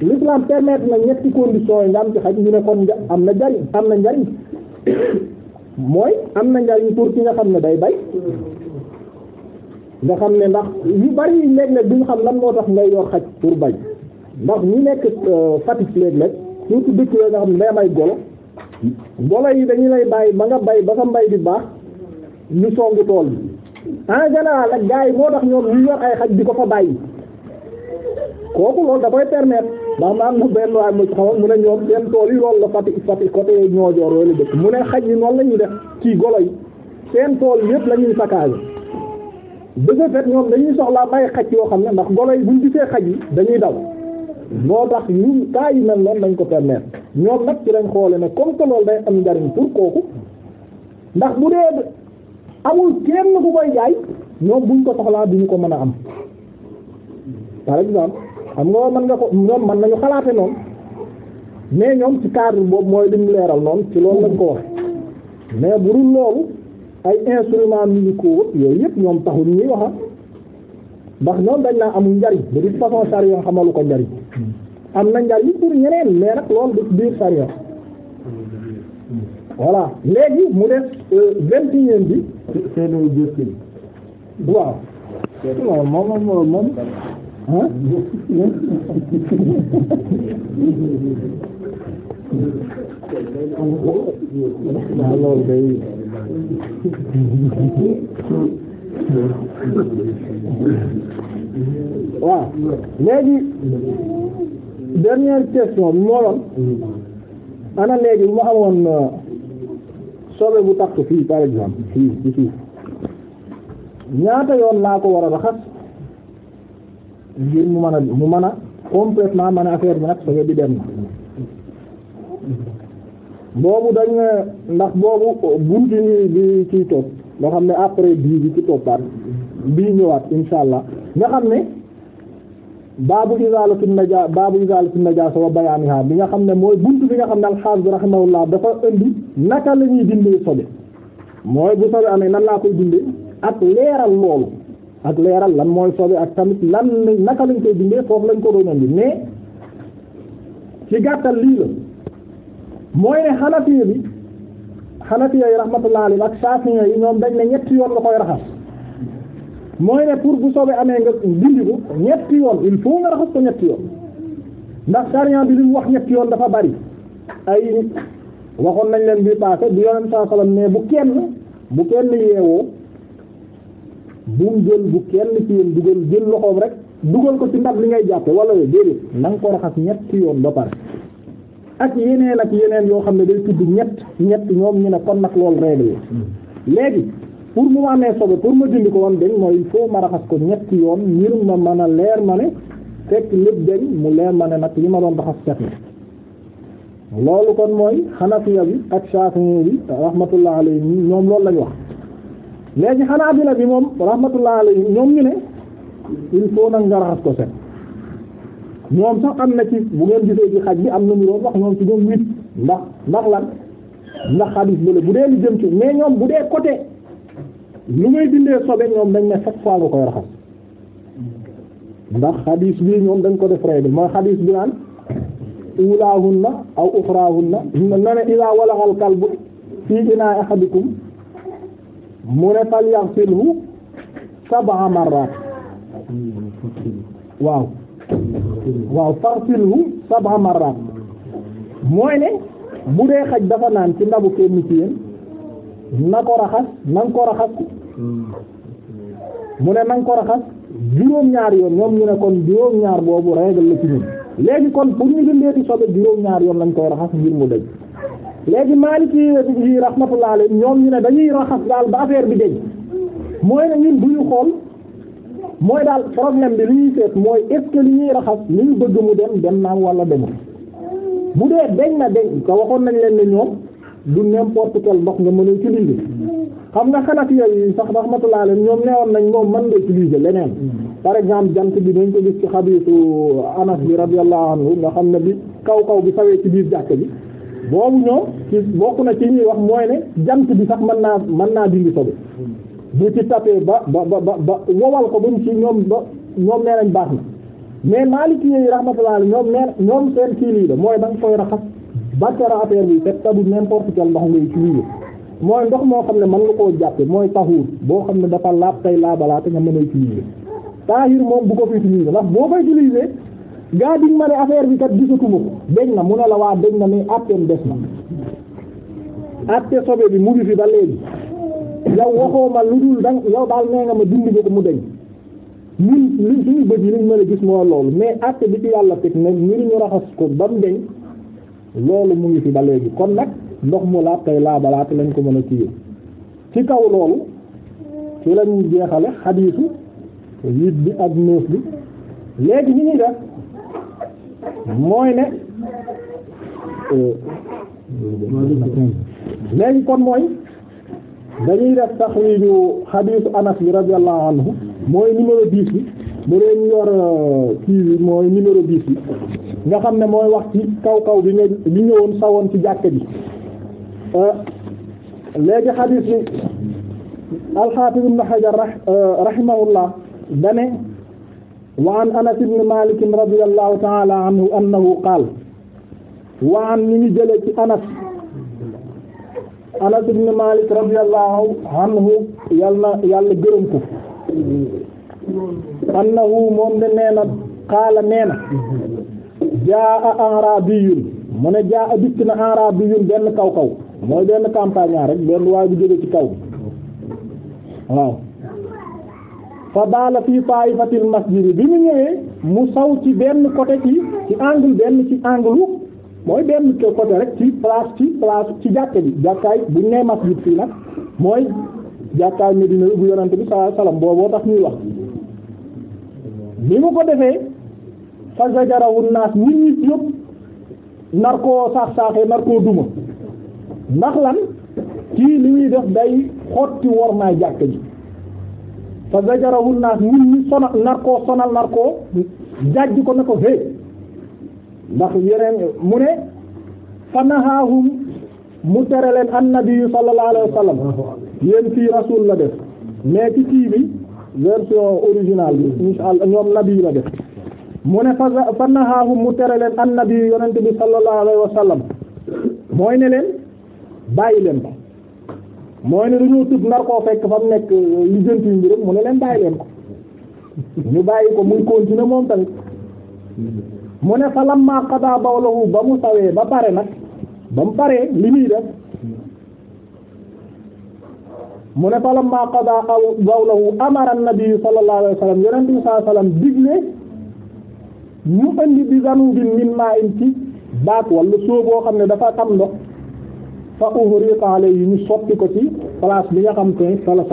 l'islam permettre na ñetti conditions yi nga am ci xaj ñu ne kon am na njariñ am na njariñ mooy am na njariñ pour ki nga xam ne day bay nga xam ne ndax yu bari yi léeg-léeg duñ xam lan moo tax ngay yor xaj pour bay ndax ñu nekk euh, Fatick léeg-léeg surtout dëkk yooyu nga xam ne day may golo golo yi dañu lay bàyyi ba nga bay ba sa mbay di baax ñu songu tool bi en général ak gars yi moo tax ñoom ñu yor xaj di ko fa bàyyi kooku loolu da koy permettre ndax na am na benn waay mu xaw mu ne ñoom seen tool yi loolu la Fatick Fatick côté Niodior yooyu la dëkk mu ne xaj yi noonu la ñuy def ci golo yi seen tool yëpp la ñuy saccagé de ce fait dañuy soxlaa may xaj yoo xam ne ndax golo yi buñ gisee xaj yi dañuy daw moo tax yu cas yi mel noonu dañ ko permettre ñoom nag ci lañ xoole ne comme que loolu day am njariñ pour kooku ndax bu dee amul kenn ku koy jaay ñoom buñ ko soxlaa duñu ko mën a am par exemple. xam nga mën nga ko ñoom man nañu xalaate noonu mais ñoom ci cadre boobu mooy li mu leeral noonu ci loolu lañ ko wax mais bu dul loolu ay instruments musicaux yooyu yëpp ñoom taxul ñuy waxa ndax ñoom dañ naa amul njariñ de toute façon sariya xamalu ko njari am na njariñ pour ñeneen mais nag loolu du biir sariya voilà léegi mu def euh, vingt et un bi. i waaw. moom ah loolu day waaw léegi dernière question bi moo doon ana léegi bu ma amoon euh, sobe bu takk fii par exemple fii ci suuf ñaata yoon laa ko war a ngir mu man a mu man a complètement mën a affaire bi nag sa bi dem na boobu dañ ne ndax boobu oh, buntu bi ciy topp nga xam ne après bii bi ci toppaat bii ñëwaat insha allah nga xam ne baabu izalatu naja baabu izalatu najasa wa bayaniha bi nga xam ne mooy buntu bi nga xam ne alxaafis rahimahullah dafa indi naka la ñuy dindee sobe mooy bu sobe amee nan laa koy dindee ak leeral loolu ak leeral lan mooy sobe ak tamit lan naka lañ koy dindee foofu lañ ko doon bi mais ci gàttal lii la mooy ne xanafiya bi xanafiya yi rahmatullah alayhi ak shafiya yi ñoom dañ ne ñetti yoon la koy raxas mooy ne pour bu soobee amee nga dindi ko ñetti yoon il faut nga raxas ko ñetti yoon ndax sariya bi li mu wax ñetti yoon dafa bari ay waxoon nañ leen bi passé bi yonent saa salaam ne bu kenn bu kenn yeewoo buum jël bu kenn ci yéen dugal jël loxoom rek dugal ko ci ndab li ngay jàppe wala yooyu déedéet na nga ko raxas ñetti yoon ba pare ak yeneen ak yeneen yoo xam ne day tudd ñett ñoom ñu ne kon nag loolu règle léegi pour mu amee sobe pour ma dindi ko wam dañ mooy il faut ma raxas ko ñetti yoon ngir ma mën a leer ma ne fekk lépp dañ mu leer ma ne nag li ma doon raxas set na loolu kon mooy xanafiya bi ak shafi'i bi rahmatullah alayhi ñoom loolu lañ wax léegi xanaa bi la bi moom rahmatullah alayhi ñoom ñu ne il faut nag nga raxas ko set ñoom sax am na ci bu ngeen gisee ci xaj bi am na ñu doon wax ñoom ci ñoom huit ndax ndax lan ndax xadis bële bu dee lu jëm ci mais ñoom bu dee côté lu ngay dindee sobe ñoom dañ ne chaque fois nga koy raxas ndax xadis bii ñoom dañ ko def règle mooy xadis bi naan ulahunna aw uxrahunna na ne ila walaxal kalbu fii inaa ahadikum mu ne fal yaxsilhu sab'a marrat waaw waaw farsilhu sab'a marrat mooy ne bu dee xaj dafa naan ci ndabu kenn ci na ko raxas na nga ko raxas mu ne na nga ko raxas juróom-ñaar yoon ñoom ñu ne kon juróom-ñaar boobu règle la ci ñun léegi kon pour ñu gën deeti sobe juróom-ñaar yoon lañ koy raxas ngir mu dëj léegi Maliki yi rahmatullah alayhi ñoom ñu ne dañuy raxas daal ba affaire bi deñ mooy ne ñun duñu xool mooy daal problème bi li ñuy seet mooy est-ce que li ñuy raxas li ñu bëgg mu dem dem naam wala demul bu dee deñ na deñ ko waxoon nañ leen ne ñoom du n'importe quel ndox nga mën a utiliser xam nga xanaf yooyu sax laa leen ñoom neewoon nañ moom mën nga utiliser leneen par exemple jant bi dañ ko gis ci xabiitu Anas bi radiyallahu anhu nga xam ne bi kaw kaw bi sawee ci biir jàkk bi boobu ñoom ci bokk na ci ñuy wax mooy ne jant bi sax mën naa mën naa dindi sobe bu ci tapé ba ba ba ba wowal ko ba mu ci ñoom ba ñoom nee nañ baax na mais Maliki yi rahmatullah ñoom nee ñoom seen kii lii de mooy da nga koy raxas battara affaire bi te tabu n'importe quel ndox ngay utilisé mooy ndox moo xam ne mën nga koo jàppe mooy taxuur boo xam ne dafa laab tay laabalaate nga mën a utilisé taahir moom bu ko fi utilisé ndax boo koy utilisé gaa diñ ma ne affaire bi kat gisatuma ko deñ na mu ne la waa deñ na mais àtteem des na àtte sobe bi mu ngi fi ba léegi yow waxoo ma lu dul dang yow daal nee nga ma dindi ko mu deñ ñun li suñu bët yi liñ mën a gis moo loolu mais àtte bi ci yàlla teg ne ngir ñu raxas ko ba mu deñ loolu mu ngi fi ba léegi kon nag ndox mu laab tey laabalaat lañ ko mën a kii ci kaw loolu ci lañuy jeexale xadiisu huit bi ak neuf bi léegi ni ñuy def mooy ne euh, léegi kon mooy dañuy def taxriiju xadiisu Anas bi radiyallahu anhu mooy numéro 10 bi bu dee yor euh, kii bi mooy numéro 10 bi nga xam ne mooy wax ci kaw kaw bi nga bi ñëwoon sawoon ci jàkk bi euh, léegi xadiis bi alxaafis ibn Hajar rahimahullah dane waa an anas ibn malik radiallahu taala anhu annahu qaal wa an ñu ngi jële ci anas anas malik radiallahu anhu yal yàlla gërëm ko annahu moom de nee na qaala jaa a arabiyun mu ne jaa a dikk na arabiyun benn kaw kaw mooy benn campagne rek benn waaye bu jóge ci kaw waaw fa baala fii taifatil masjid bi ñu ñëwee mu saw ci benn côté ci ci angle benn ci angle mooy benn côté rek ci place ci place ci jàkka ji jàkkaay bu ñu nee masjid fii nag mooy jàkkaay Medina bu yonante bi sallallahu alayhi booboo tax muy wax bi mu ko defee fa zajarawu naas nit ñi yëpp nar koo saax-saaxee nar koo duma ndax lan kii li muy def day xotti wormaay jàkka ji fa zajarahu naas nit ñi sonal nar koo sonal nar jàjj ko na ko fee ndax yeneen mu ne fa nahaahum mu tere leen an nabiyu sallallahu alayhi wa sallam fii rasul la def mais ci kii bi version originale bi insha Allah ñoom la def mu ne fa fa nahaahum mu tere leen an nabiyu yonent bi sallallahu alayhi wa sallam mooy ne leen bàyyi leen ko mooy ne dañoo tëb nar fekk fa mu nekk euh, li jënt yu mbiram mu ne leen bàyyi leen ko ñu bàyyi ko muy continuer moom tamit mu ne fa lamma bawlahu ba mu sawee ba pare nag ba mu paree li muy def mu ne fa lamma qada bawlahu amara an-nabi sallallahu alayhi wa sallam yonent bi sallallahu alayhi wa bi zanubin min ma'in ci baat wala soo boo xam ne dafa tam ndox fa uhriqa alayhi ñu sotti ko ci place bi nga xam te ne fa la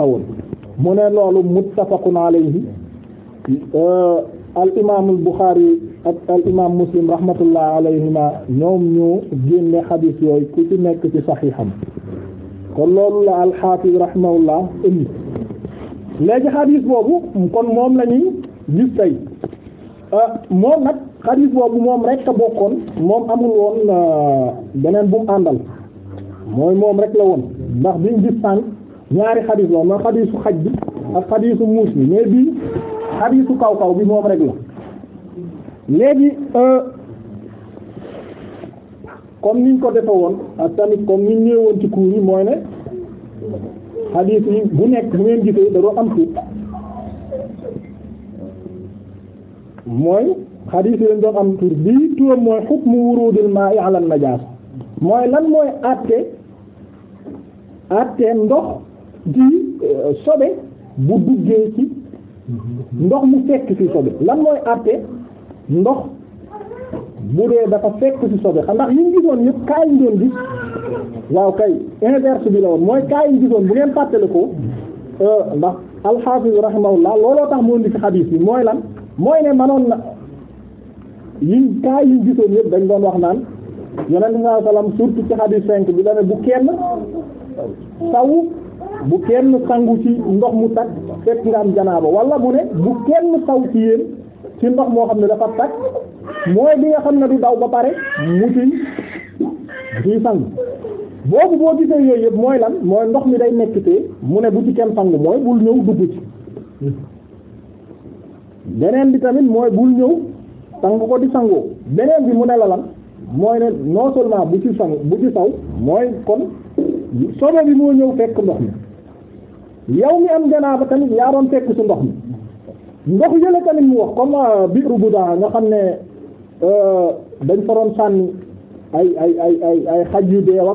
mu ne loolu muttafaqun alayhi euh, al imaam al Buxaari ak al imaam Muslim rahmatullah alayhima ñoom ñu génne xadiis yooyu ku ci nekk ci saxiixam kon loolu la al xaafiz rahimahullah indi xadiis boobu kon moom la ñuy gis euh, moom nag xadiis boobu moom rekk a bokkoon moom amul woon euh, beneen bu mu àndal. mooy moom rek la woon ndax biñ gis sànq ñaari xadis la ma xadisu xaj bi ak xadisu muus bi mais bii xadisu kaw kaw bi moom rek la léegi euh, comme niñ ko defe woon ak tamit comme niñ ñëwoon ci cours yi mooy ne xadis bu nekk bu ngeen gisee da am tuut mooy xadis yi dañ am tuur bii turam mooy hukmu wurudil ma'i ala najaas mooy lan mooy àtte àttee ndox di euh, sobe bu duggee ci ndox mu fekk ci sobe lan mooy àtte ndox bu dee dafa fekk ci sobe xam ndax yi ñu gisoon yëpp kaa yi ngeen gis waaw kay inverse bi la woon mooy kaa yi ñu gisoon bu ngeen fàttale ko euh, ndax alxaafiz rahimahullah looloo tax moo indi ci xadiis bi mooy lan mooy ne manoon na yi kaa yi ñu gisoon yëpp dañ doon wax naan yeneen sallam surtout ci xadiis cinq bi la ne bu kenn taw bu kenn sangu ci ndox mu tag fekk nga am janaaba wala mu ne bu kenn taw ci yéen ci ndox moo xam ne dafa tag mooy bi nga xam ne du daw ba pare mu ci di sangu boobu boo gisee yooyu yëpp mooy lan mooy ndox mi day nekk te mu ne bu ci kenn sangu mooy bul ñëw dugg ci beneen bi tamit mooy bul ñëw sangu ko di sangoo beneen bi mu ne la lan mooy ne non seulement bu ci sangu bu ci saw mooy kon sobe bi moo ñëw fekk ndox mi yow mi am janaaba tamit yaa doon fekk su ndox mi ndox yële tamit mu wax comme euh, biiru Buda nga xam ne euh, dañ fa sànni ay ay ay ay ay xaj yu deew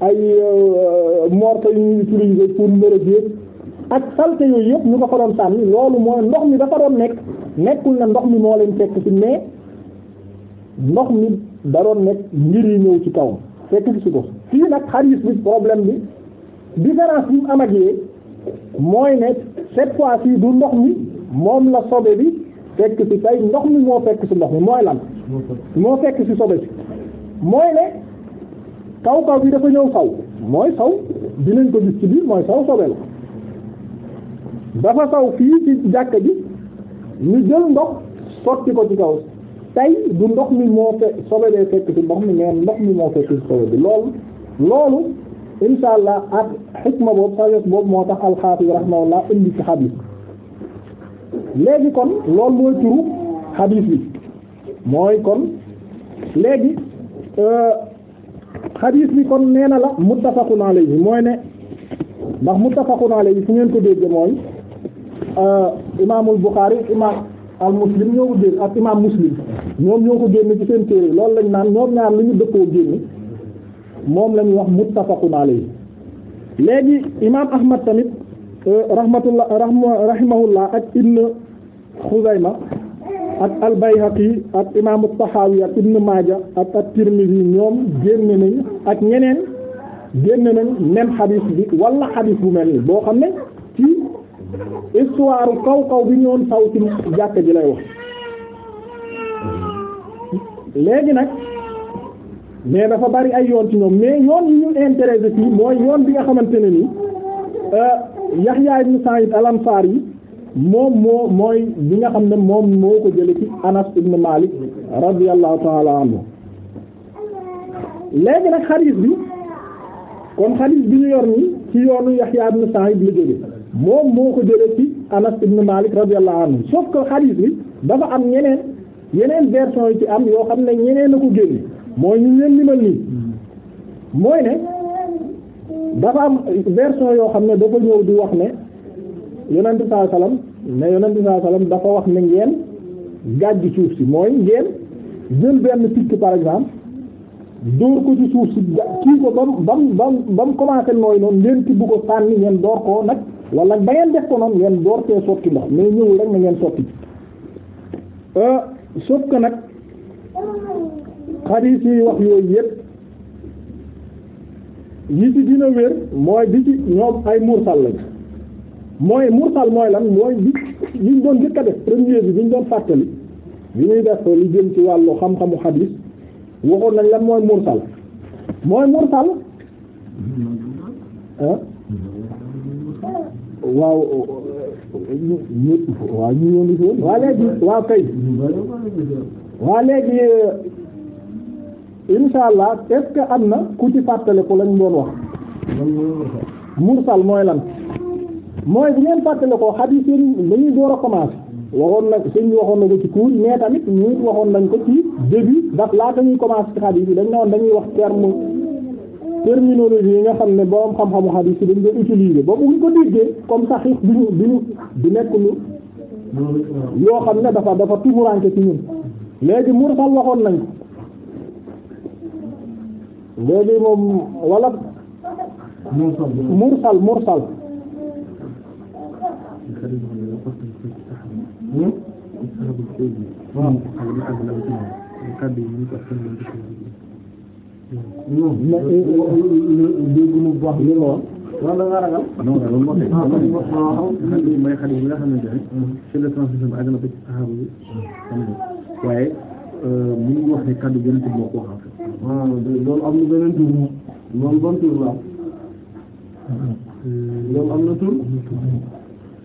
ay euh, morte yu ñuy utiliser pour mërëjeeg ak salte yooy yëpp ñu ko doon sànni loolu mooy ndox mi dafa doon nekk nekkul na ndox mi moo leen fekk ci mais ndox mi da nekk ngir yi ñëw ci kaw fekk ci su ko. ki nag xadiis bi problème bi différence bi mu am mooy ne set fois ci du ndox mi moom la sobe bi fekk ci ndox mi moo fekk ci ndox mi moo lan moo fekk ci sobe bi mooy ne kaw kaw bi dafa ñëw saw mooy saw dinañ ko gis ci mooy saw sobe la dafa saw fii ci jàkka ji ñu jël ndox sotti ko ci kaw tey du ndox mi moo fekk sobe bee fekk ndox mi mais ndox mi moo fekk ci sobe bi loolu loolu insha allah ak xikma boobu sagesse boobu moo tax alxaafis rahimahullah indi ci xadiis léegi kon lool mooy turu xadiis bi mooy kon léegi euh, xadiis bi kon nee na la muttafaqun alayhi mooy ne ndax muttafaqun alayhi fu ngeen ko dégge mooy euh, imaamul Buxaari imaam al muslim ñoo ko dégg ak imaam muslim ñoom ñoo ko génne ci seen téere loolu lañ naan ñoom ñaar lu ñu dëppoo génn moom la wax wax muttafaqun alayhi léegi imaam Ahmad tamit euh, rahmatullah rahimahullah ak Ibn Khuzayma ak al-Bayhaqi ak imaam at-Tahawi ak Ibn Maaja ak at-Tirmidhi ñoom génn nañ ak ñeneen génn nañ même xadiis bi wala xadiis bu mel nii boo xam ne ci histoire kaw kaw bi ñoon saw ci jàkk ji lay wax léegi nag. mais dafa bari ay yoon ci ñoom mais yoon yi ñu intéressé ci mooy yoon bi nga xamante ne ni euh, Yahya ibn Sa'id al yi moom moo mooy bi nga xam ne moom moo ko jële ci Anas ibn Malik radiyallahu ta'ala anhu léegi nag xadiis bi kon xadiis bi ñu yor ni ci yoonu Yahya ibn Sa'id la jóge moom moo ko jële ci Anas ibn Malik radiyallahu anhu sauf que xadiis bi dafa am ñeneen yeneen version yi ci am yoo xam ne ñeneen a ko génne mooy ñu leen limal nii mooy ne dafa am version yoo xam ne dafa ñëw di wax ne yonent saa salaam ne yonent saa salaam dafa wax ne ngeen gàjj suuf si mooy ngeen jël benn picc par exemple dóor ko ci suuf si kii ko bam bam bam ba mu commencé nooy noonu ngeen tibb ko sànni ngeen door koo nag wala ba ngeen def ko noonu ngeen door tee sotti ndox mais ñëwul rek na ngeen sotti euh, sauf que nag xadiis yi wax yooyu yëpp yi ci dina wér mooy bi ci ñoom ay mursal lañ mooy mursal mooy lan mooy bi ñu doon njëkk def premier bi bi ñu doon fàttali bi ñuy def li jëm ci wàllu xam-xamu xadiis waxoon nañ lan mooy mursal mooy mursal ah waaw waaw ñu yoon di waaw léegi waaw kay waaw léegi insha allah est-ce que am na ku ci fàttaliku lañ doon wax mursal mooy lan mooy bu ngeen fàttalikoo xadiis yi lañuy door a commencer waxoon na sëñ waxoon na ko ci cours mais tamit ñu waxoon nañ ko ci début ndax laata ñuy commencer ci xadiis yi dañ ne woon dañuy wax terme terminologie yi nga xam ne borom xam-xamu xadiis yi dañ koy utiliser ba mu ngi ko déggee comme saxiix bi ñu bi ñu di nekk lu yoo xam ne dafa dafa tumuranke ci ñun léegi mursal waxoon nañ ko léegi moom wala mursal mursal loolu la nga ragal. non non non mooy xadis bi nga xamante ne. ci la transmission bi àgg na ko ci saxaaba bi. waaye euh, mu ngi wax ne kaddu gi yëpp moo ko wax loolu am na beneen tur moom ban tur la loolu am na tur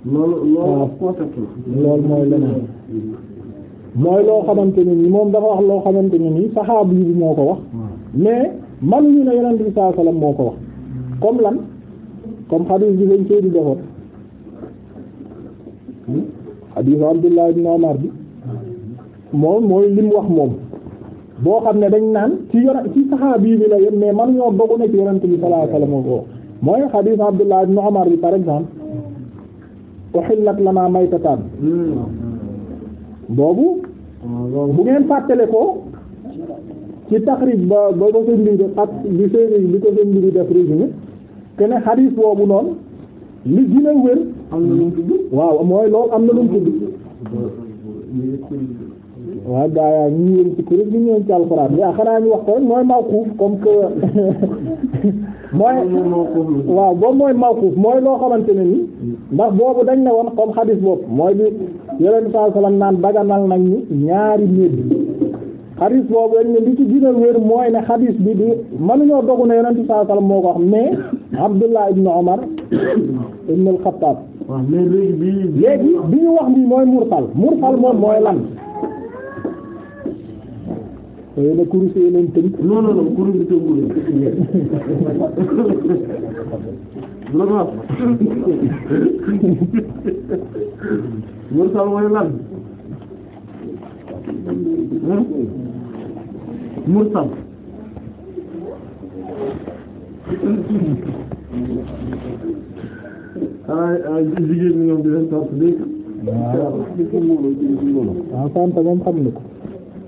loolu loolu concept la loolu mooy leneen mooy loo xamante ne ni moom dafa wax loo xamante ne ni saxaabu yi moo ko wax mais man ñu ne yonent bi sallallahu alayhi wasallam moo ko wax comme lan comme xadiis bi lañ koy di defoon hmm? xadiis Abdullah ibn Umar bi moom mooy lim wax moom boo xam ne dañ naan ci yona ci saxaabi bi la yem man ñoo dogu ne ci yonent bi sallallahu alayhi wasallam ko mooy xadiis Abdullah ibn Umar bi par exemple uhillat lana maytatan boobu bu ngeen fàttale ko ci taxrij ba ba ko seen def ak bi seen bi ko seen bi def résumé te xadiis boobu noonu li gën a wér waaw mooy loolu am na lu mu tudd waaw gaa yaa ñu yéen ci kuréel ñu ñëw ci alxuraan yaa xanaa ñu wax ko rek mooy mawkuuf comme que mooy waaw boobu mooy mawkuuf mooy loo xamante ne ni ndax boobu dañ ne woon comme xadis boobu mooy bi yeneen saa salaam naan daganal nañ ñu ñaari mbir xadis boobu dañ ne li ci gën a wér mooy ne xadis bi di mënuñoo dogu ne yeneen saa salaam moo ko wax mais Abdullah ibn Omar ibn al-Khattab léegi bi ñu wax nii mooy mursal mursal moom mooy lan xëy na kuréel yi lañ tënk. non non non kuréel yi mursal mooy lan. mursal. ah ah jigéen ñi ñoom di leen sant dégg nga. waaw sant moom xam ko.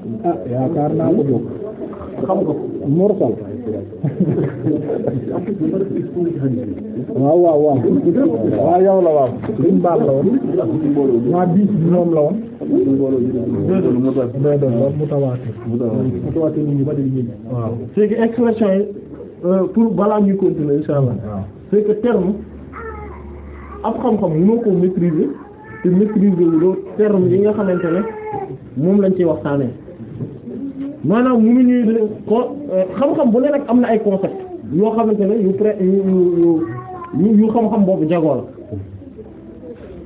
ah yaakaar naa ko jóg xam nga mursal waaw waaw waaw waaw yow la waaw liñ baal la woon waa biis bi la woon day doon lool mutawaatir mutawaatir nit ñi ba di ñi waaw c'est expression yi euh, pour balaa ñuy continuer insha allah c'est que ab xam-xam mënoo ko maîtriser te maîtriser wu doo terme yi nga xamante ne moom lañ ciy waxtaanee maanaam munuñu ko euh, xam-xam bu ne nag am na ay concept yoo xamante ne yu pré yu yu yu xam-xam boobu jagoo la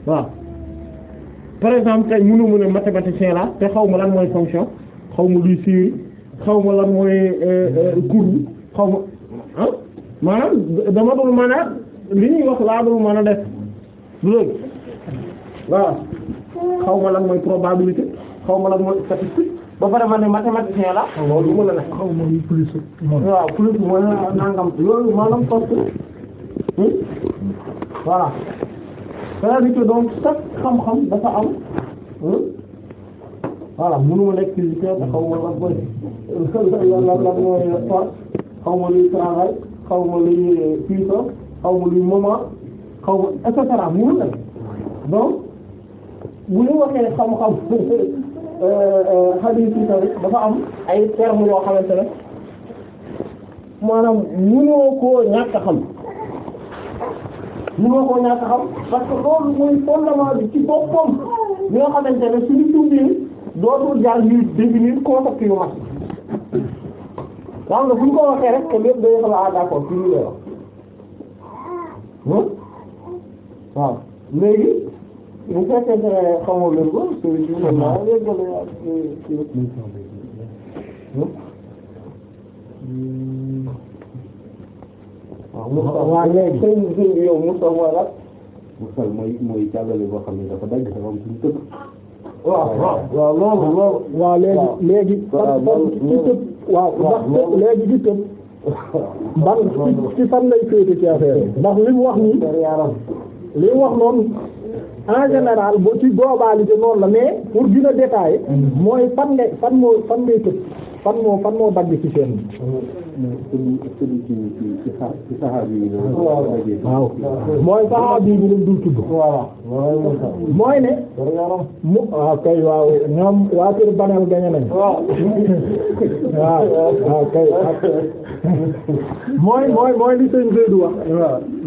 waaw par exemple tey mënu mu ne mathématicien laa te xaw ma lan mooy fonction xaw ma luy série xaw ma lan mooy euh, euh, courbe xaw ma ah maanaam dama dul mën a li ñuy wax laa dul a def waaw xaw ma lan mooy probabilité xaw ma lan mooy statistique ba pare ma ne mathématicien la loolu mën na ne xaw ma plus waaw plus mooy nangam loolu maanaam topp hmm? voilà c'est-à-dire que donc chaque xam-xam dafa am hmm? voilà mënuma nekk physicien xadiis yi tamit dafa am ay termes yoo xamante ne maanaam mënoo koo ñàkk a xam mënoo koo ñàkk a xam parce que loolu mooy fondement bi ci boppam ñoo xamante ne suñu tuuti dootul jaar ñuy définir concept yu mag xam nga bu ñu ko waxee rek te lépp day xalaat ah d'accord fii nii lay wax hmm? waaw bu fekkee ne xamoo leen ko sëriñ bi moom maa ngi gën a waaw waaw léegi sëriñ bi yow Moussa Mawla. Moussa mooy mooy jàllale boo xam ne dafa daj dafa am suñu tëb. Ah, ah, waaw waaw waaw loolu loolu. waaw léegi léegi. waaw loolu waaw ndax léegi ci tëb. ban ci fan lay féete ci affaire ndax li mu wax nii. li mu wax noonu. en général boo ci globalité noonu la mais pour gën a détailler mm-hmm. mooy fan ngay fan moo fan ngay tëj fan moo fan moo dagg ci seen waaw mooy saxaabi bi lañ dul tudd voilà mooy ne mu waaw ah, kay waaw ñoom waa kër banal gañe nañ waaw waaw kay mooy mooy mooy li seen Seydou wax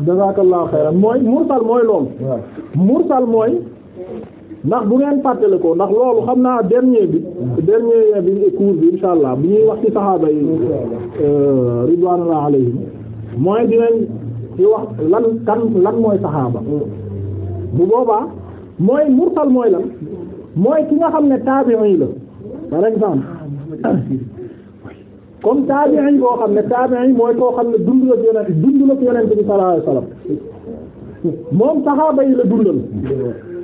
jazakallahu xayran mooy mursal mooy lool mursal mooy ndax bu ngeen fàttale ko ndax loolu xam naa dernier bi dernier bi cours bi insha allah bi ñuy wax ci saxaaba yi euh, ridwanullah alayhim mooy dinañ ci wax lan kan lan mooy saxaaba bu boobaa mooy mursal mooy lan mooy ki nga xam ne taabi'i la par exemple comme taabi'i koo xam ne yi mooy koo xam ne dund la yonent dund la yonent bi sallallahu alayhi wasallam moom saxaaba yi la dundal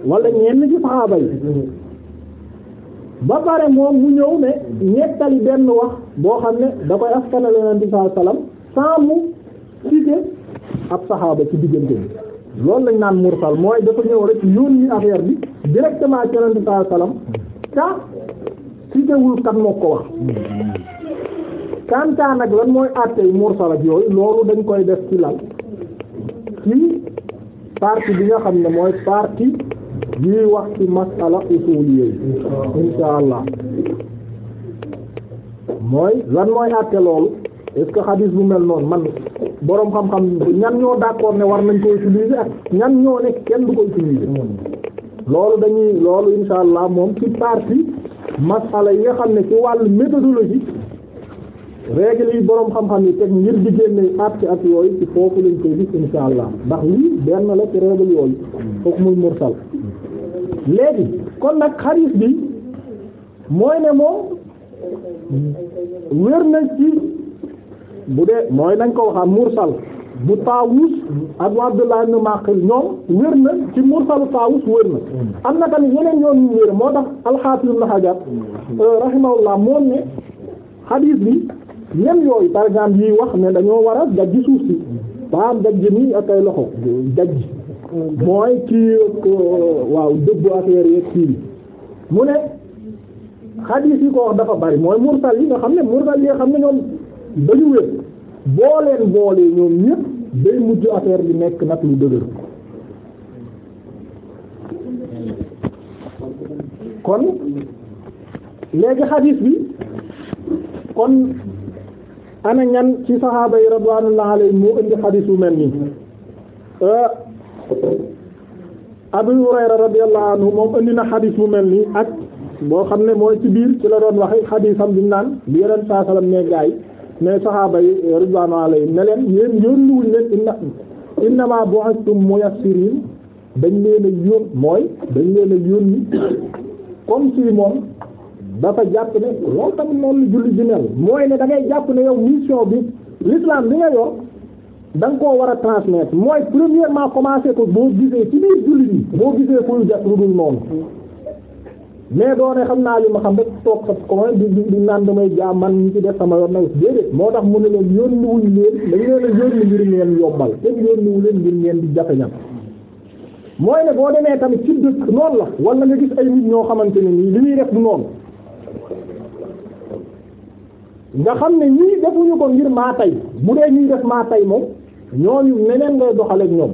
wala ñenn ci saxaaba yi ba pare moom mu ñëw ne ñettali benn wax boo xam ne da koy askanale Yonent bi sallallahu alayhi wasallam sans mu ab saxaaba ci diggante bi loolu lañ naan mursal mooy dafa ñëw rek yónni affaire bi directement ci Yonent bi sallallahu alayhi kat moo ko wax kanta nag lan mooy àttey mursal ak yooyu loolu dañ koy def ci lan ci partie bi nga xam ne mooy partie bi ñuy wax ci masala usuliya insha allah mooy lan mooy àtte loolu est-ce que xadiis bu mel noonu man boroom xam-xam ñan ñoo d'accord ne war nañ ko utiliser ak ñan ñoo nekk kenn du ko utiliser loolu dañuy loolu insha allah moom ci partie masala yi nga xam ne ci wàllu méthodologie règle yi boroom xam-xam yi teg ngir di génne àtte ak yooyu ci foofu lañ koy gis insha allah ndax lii benn la ci règle yooyu foofu muy mursal léegi kon nag xadiis bi mooy ne moom wér na ci bu dee mooy nañ ko waxaat mursal bu Taawus ak waa Abdullah ibn Maqil ñoom wér na ci mursalu Taawus wér na am na tamit yeneen yoon yu wér moo tax al-Hafiz Ibn Hajar euh, rahimahullah moom ne xadiis bi même yooyu par exemple wax ne dañoo war a daj suuf si ba am daj nii loxo daj. mooy kii waaw dëbb affaire yeeg kii mu ne xadiis yi ko wax dafa bari mooy mursal yi nga xam ne mursal yi nga xam ne ñoom dañu wér boo leen ñoom ñëpp day mujj affaire bi nekk nag lu dëgër kon léegi xadiis bi kon ana ñan ci saxaaba yi radiyallahu alayhim moo indi xadiis yu mel nii euh, Abu Hurayra radiyallahu anhu moom indi na xadis bu mel nii ak boo xam ne mooy ci biir ci la doon waxe xadisam bi naan bi yeneen saa salaam ne gaay ne saxaaba yi ridwaanu alayhim ne leen yéen yónniwuñ leen inna innama bu'ithtum muyassirin dañ leen a yón mooy dañ leen a yónni comme si moom dafa jàpp ne loolu tamit noonu la julli ji mel mooy ne da ngay jàpp ne yow mission bi l'islam bi nga yor danga nga koo war a transmettre mooy premièrement commencer ko boo gisee ci biir jullit yi boo gisee fuy jàpp lu dul noonu mais doone xam naa li ma xam rek toog sax ko naan damay jaam man ñu ci def sama yoon naw moo tax mu ne leen yónniwuñ leen dañ leen a yónni ngir ngeen yobbal te yónniwu leen ngeen di jafe ñam mooy ne boo demee tamit ci dëkk noonu la wala nga gis ay ñoo xamante ne nii li ñuy def du noonu xam ne ñii defuñu ko ngir maa tey bu dee ñuy def maa tey moom ñooñu neneen ngay doxaleeg ñoom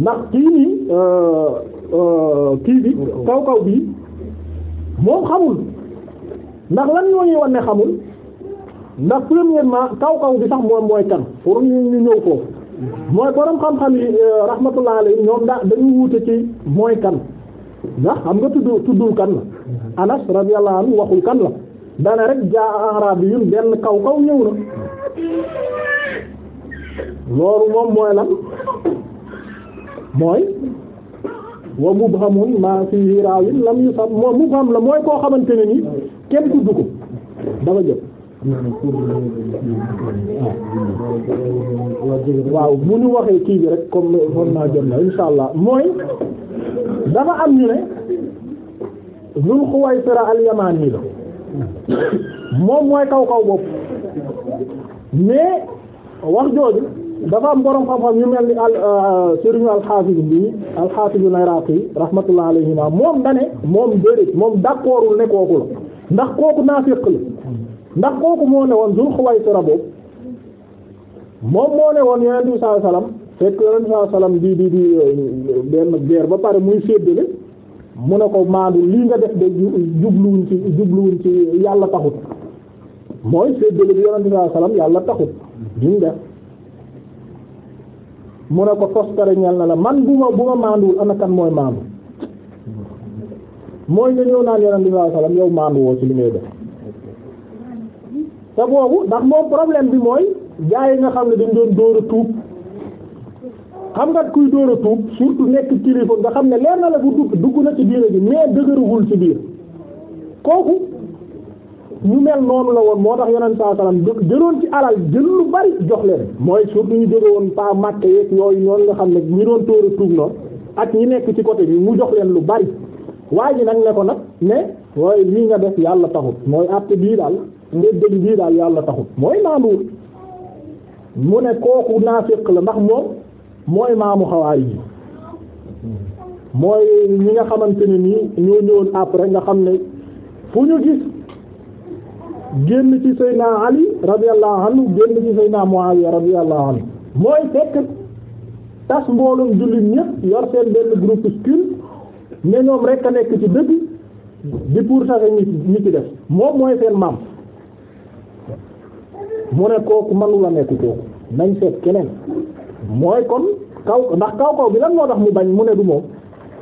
ndax kii nii euh, euh, kii bi kaw kaw bi moom xamul ndax lan ñooñuy wan ne xamul ndax ma kaw kaw bi sax moom mooy kan pour ñu ñëw foofu mooy borom xam-xam yi euh, rahmatullah alayhi ñoom da dañu wuute ci mooy kan ndax xam nga tuddu tuddul kan la anas radiyallahu waxul kan la dana rek jaa arabiyun benn kaw kaw ñëw na loolu moom mooy lan mooy wa mubhamun ma fi raawin lam ñu sax moom mubham la mooy koo xamante ne ni kenn tudd ko dafa jël waaw bu nu waxee kii bi rek comme foog naa jot na insha mooy dafa am ñu ne Zul Xuwaysira al-Yamani la moom mooy kaw kaw bopp mais wax jooju dafa am borom xam-xam yu mel ni al euh, sëriñu alxaafis bi alxaafis al-Iraaqi rahmatullah alayhima moom dane moom déedéet moom d'accordul ne kooku la ndax kooku naafiq la ndax kooku moo ne woon Zul Xuwaysira boobu moom moo ne woon Yonent bi sallallahu alayhi wasallam fekk Yonent bi sallallahu alayhi wasallam di di benn guerre ba pare muy séddale mu ne ko maandu lii nga def de jubluwuñ ci jubluwuñ ci yàlla taxut mooy séddale bi Yonent bi sallallahu alayhi yàlla taxut duñ def mu ne ko toskare ñal na la man bu ma bu ma maanduwul ana mooy maandu mooy nga ñëw naan yonent bi sallallahu alayhi wasallam yow maanduwoo ci li ngay def te moom problème bi mooy gaa yi nga xam ne dañ doon dóor a xam nga kuy dóor a tuub surtout nekk kilifa nga xam ne leer na la bu dugg na ci biir a gi mais dëgërugul ci biir kooku mu mel noonu la woon moo tax yeneen saa salaam jëloon ci alal jël lu bari jox leen mooy surtout ñu jóge woon pa Makka yeeg yooyu ñoonu nga xam ne ñu doon tóora tuub noonu ak ñu nekk ci côté bi mu jox leen lu bari waaye ji nag ne ko nag mais waaye lii nga def yàlla taxut mooy àtte bii daal ndéddéñ bii daal yàlla taxut mooy maanuur mu ne kooku naafiq la ndax moom mooy maamu xawaay yi mooy ñi nga xamante ne nii ñoo ñëwoon après nga xam ne fu ñu gis génn ci Seydina Ali radiyallahu anhu génn ci Seydina Muawiya radiyallahu anhu mooy fekk tas mboolum jullit ñëpp yor seen benn groupuscule ne ñoom rek a nekk ci dëgg di pour saxe ñi ñi ci def moom mooy seen maam mu ne kooku manula nekk kooku nañ seet keneen mooy kon kaw ndax kaw kaw bi lan moo tax mu bañ mu ne du moom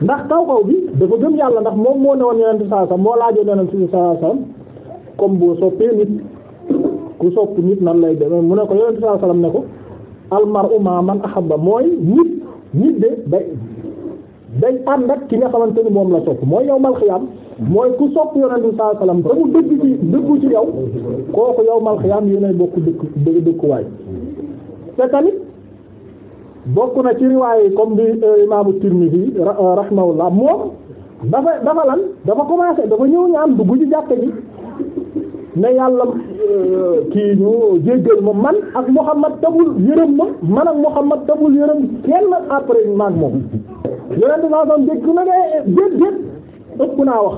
ndax kaw kaw bi dafa gëm yàlla ndax moom moo ne woon yonent saa saa moo laajoon yonent saa saa comme boo soppee nit ku sopp nit nan lay demee mu ne ko yonent saa salaam ne ko almar uma man ahabba mooy nit nit de day day ànd ak ki nga xamante ni moom la sopp mooy yawmal xiyaam mooy ku sopp yonent saa salaam te mu dëgg ci dëggu ci yow kooku yawmal xiyaam yéenay bokk dëkk dëkkuwaay te tamit bokk na ci riwaay yi comme bi euh, imaamu Tirmidhi euh, rahimahullah moom dafa dafa lan dafa commencé dafa ñëw ñaan dugg ci jàkka ji ne yàlla euh, kii ñu jéggal ma man ak Muhammad tabul yërëm ma man ak Muhammad tabul yërëm kenn après maag moom yonent saa son dégg na ne eh, déet déet ëpp naa wax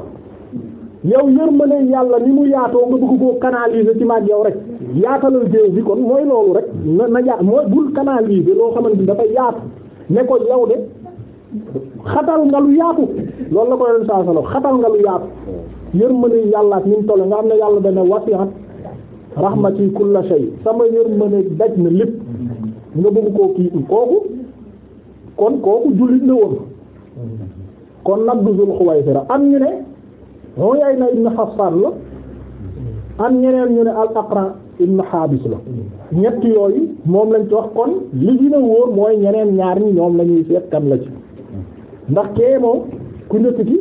yow yërmande yàlla ni mu yaatoo nga bëgg koo canaliser ci maag yow rek yaatalal géew bi kon mooy loolu rek na na yaat mooy bul loo xamante ni dafa yaatu ne ko yow de xatal nga lu yaatu loolu la ko yonent saa son xatal nga lu yaatu yërmande yàlla ak ni mu toll nga xam ne yàlla dana wasi'at rahmati kulla shay sama yërmande daj na lépp nga bëgg koo kii kooku kon kooku jullit la woon kon nag du Zul Xuwaysira am ñu ne Uyayna ibn Hasan la am ñeneen ñu ne al-Aqra ibn Habis la ñett yooyu moom lañ ci wax kon li gën a mooy ñeneen ñaar ñi ñoom lañuy seet kan la ci ndax kee moom ku njëkk ci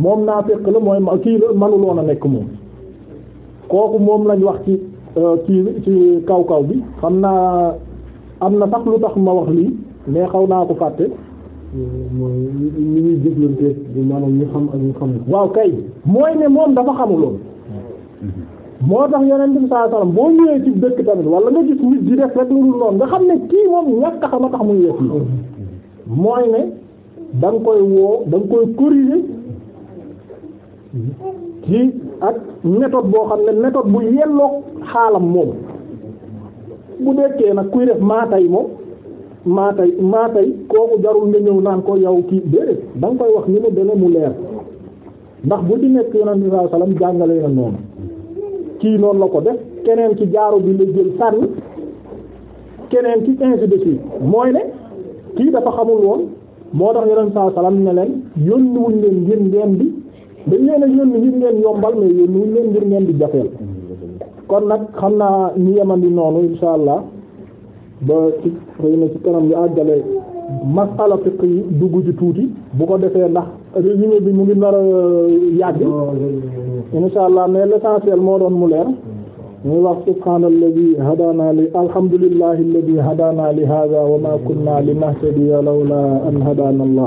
moom naa fekk la mooy ma kii la manuloon a nekk moom kooku moom lañ wax ci euh, ci ci kaw kaw bi xam naa am na sax lu tax ma wax lii mais xaw naa ko fàtte mooy li ñuy déglante xam ak ñu xamul waaw kay mooy ne moom dafa xamuloon moo tax yeneen bi saa sallam boo ñëwee ci dëkk tamit wala nga gis nit di def rek lu xam ne kii moom ñàkk a xam a tax muy yëf mm-hmm. mooy ne da nga koy woo da nga koy corriger ci ak méthode boo xam ne méthode bu yelloog xaalam moom bu dekkee nag kuy def maatay moom maatay maatay kooku jarul nga ñëw naan ko yow kii déedéet da koy wax ni mu deme mu leer ndax bu di nekk yonent bi sallallahu alayhi jàngale na noonu kii noonu la ko def keneen ci jaaro bi la jël sànni keneen ci ainsi de mooy ne kii dafa xamul woon moo tax yonent sallallahu alayhi ne leen yónniwuñ leen ngeen ngeen bi dañ leen a yónni ngir ngeen yombal mais yónni leen ngir ngeen di jafeel kon nag xam naa ñu yemandi noonu insha allah ba ci xëy na ci àggale masala fiq yi dugg ci tuuti bu ko defee ndax résumé bi mu ngi nar euh, yàgg oh, insha allah mais l'essentiel moo doon mu leer ñuy wax subhaana alladi li alhamdulillahi alladi wa ma kunna li nahtadiya lawla an hadana allah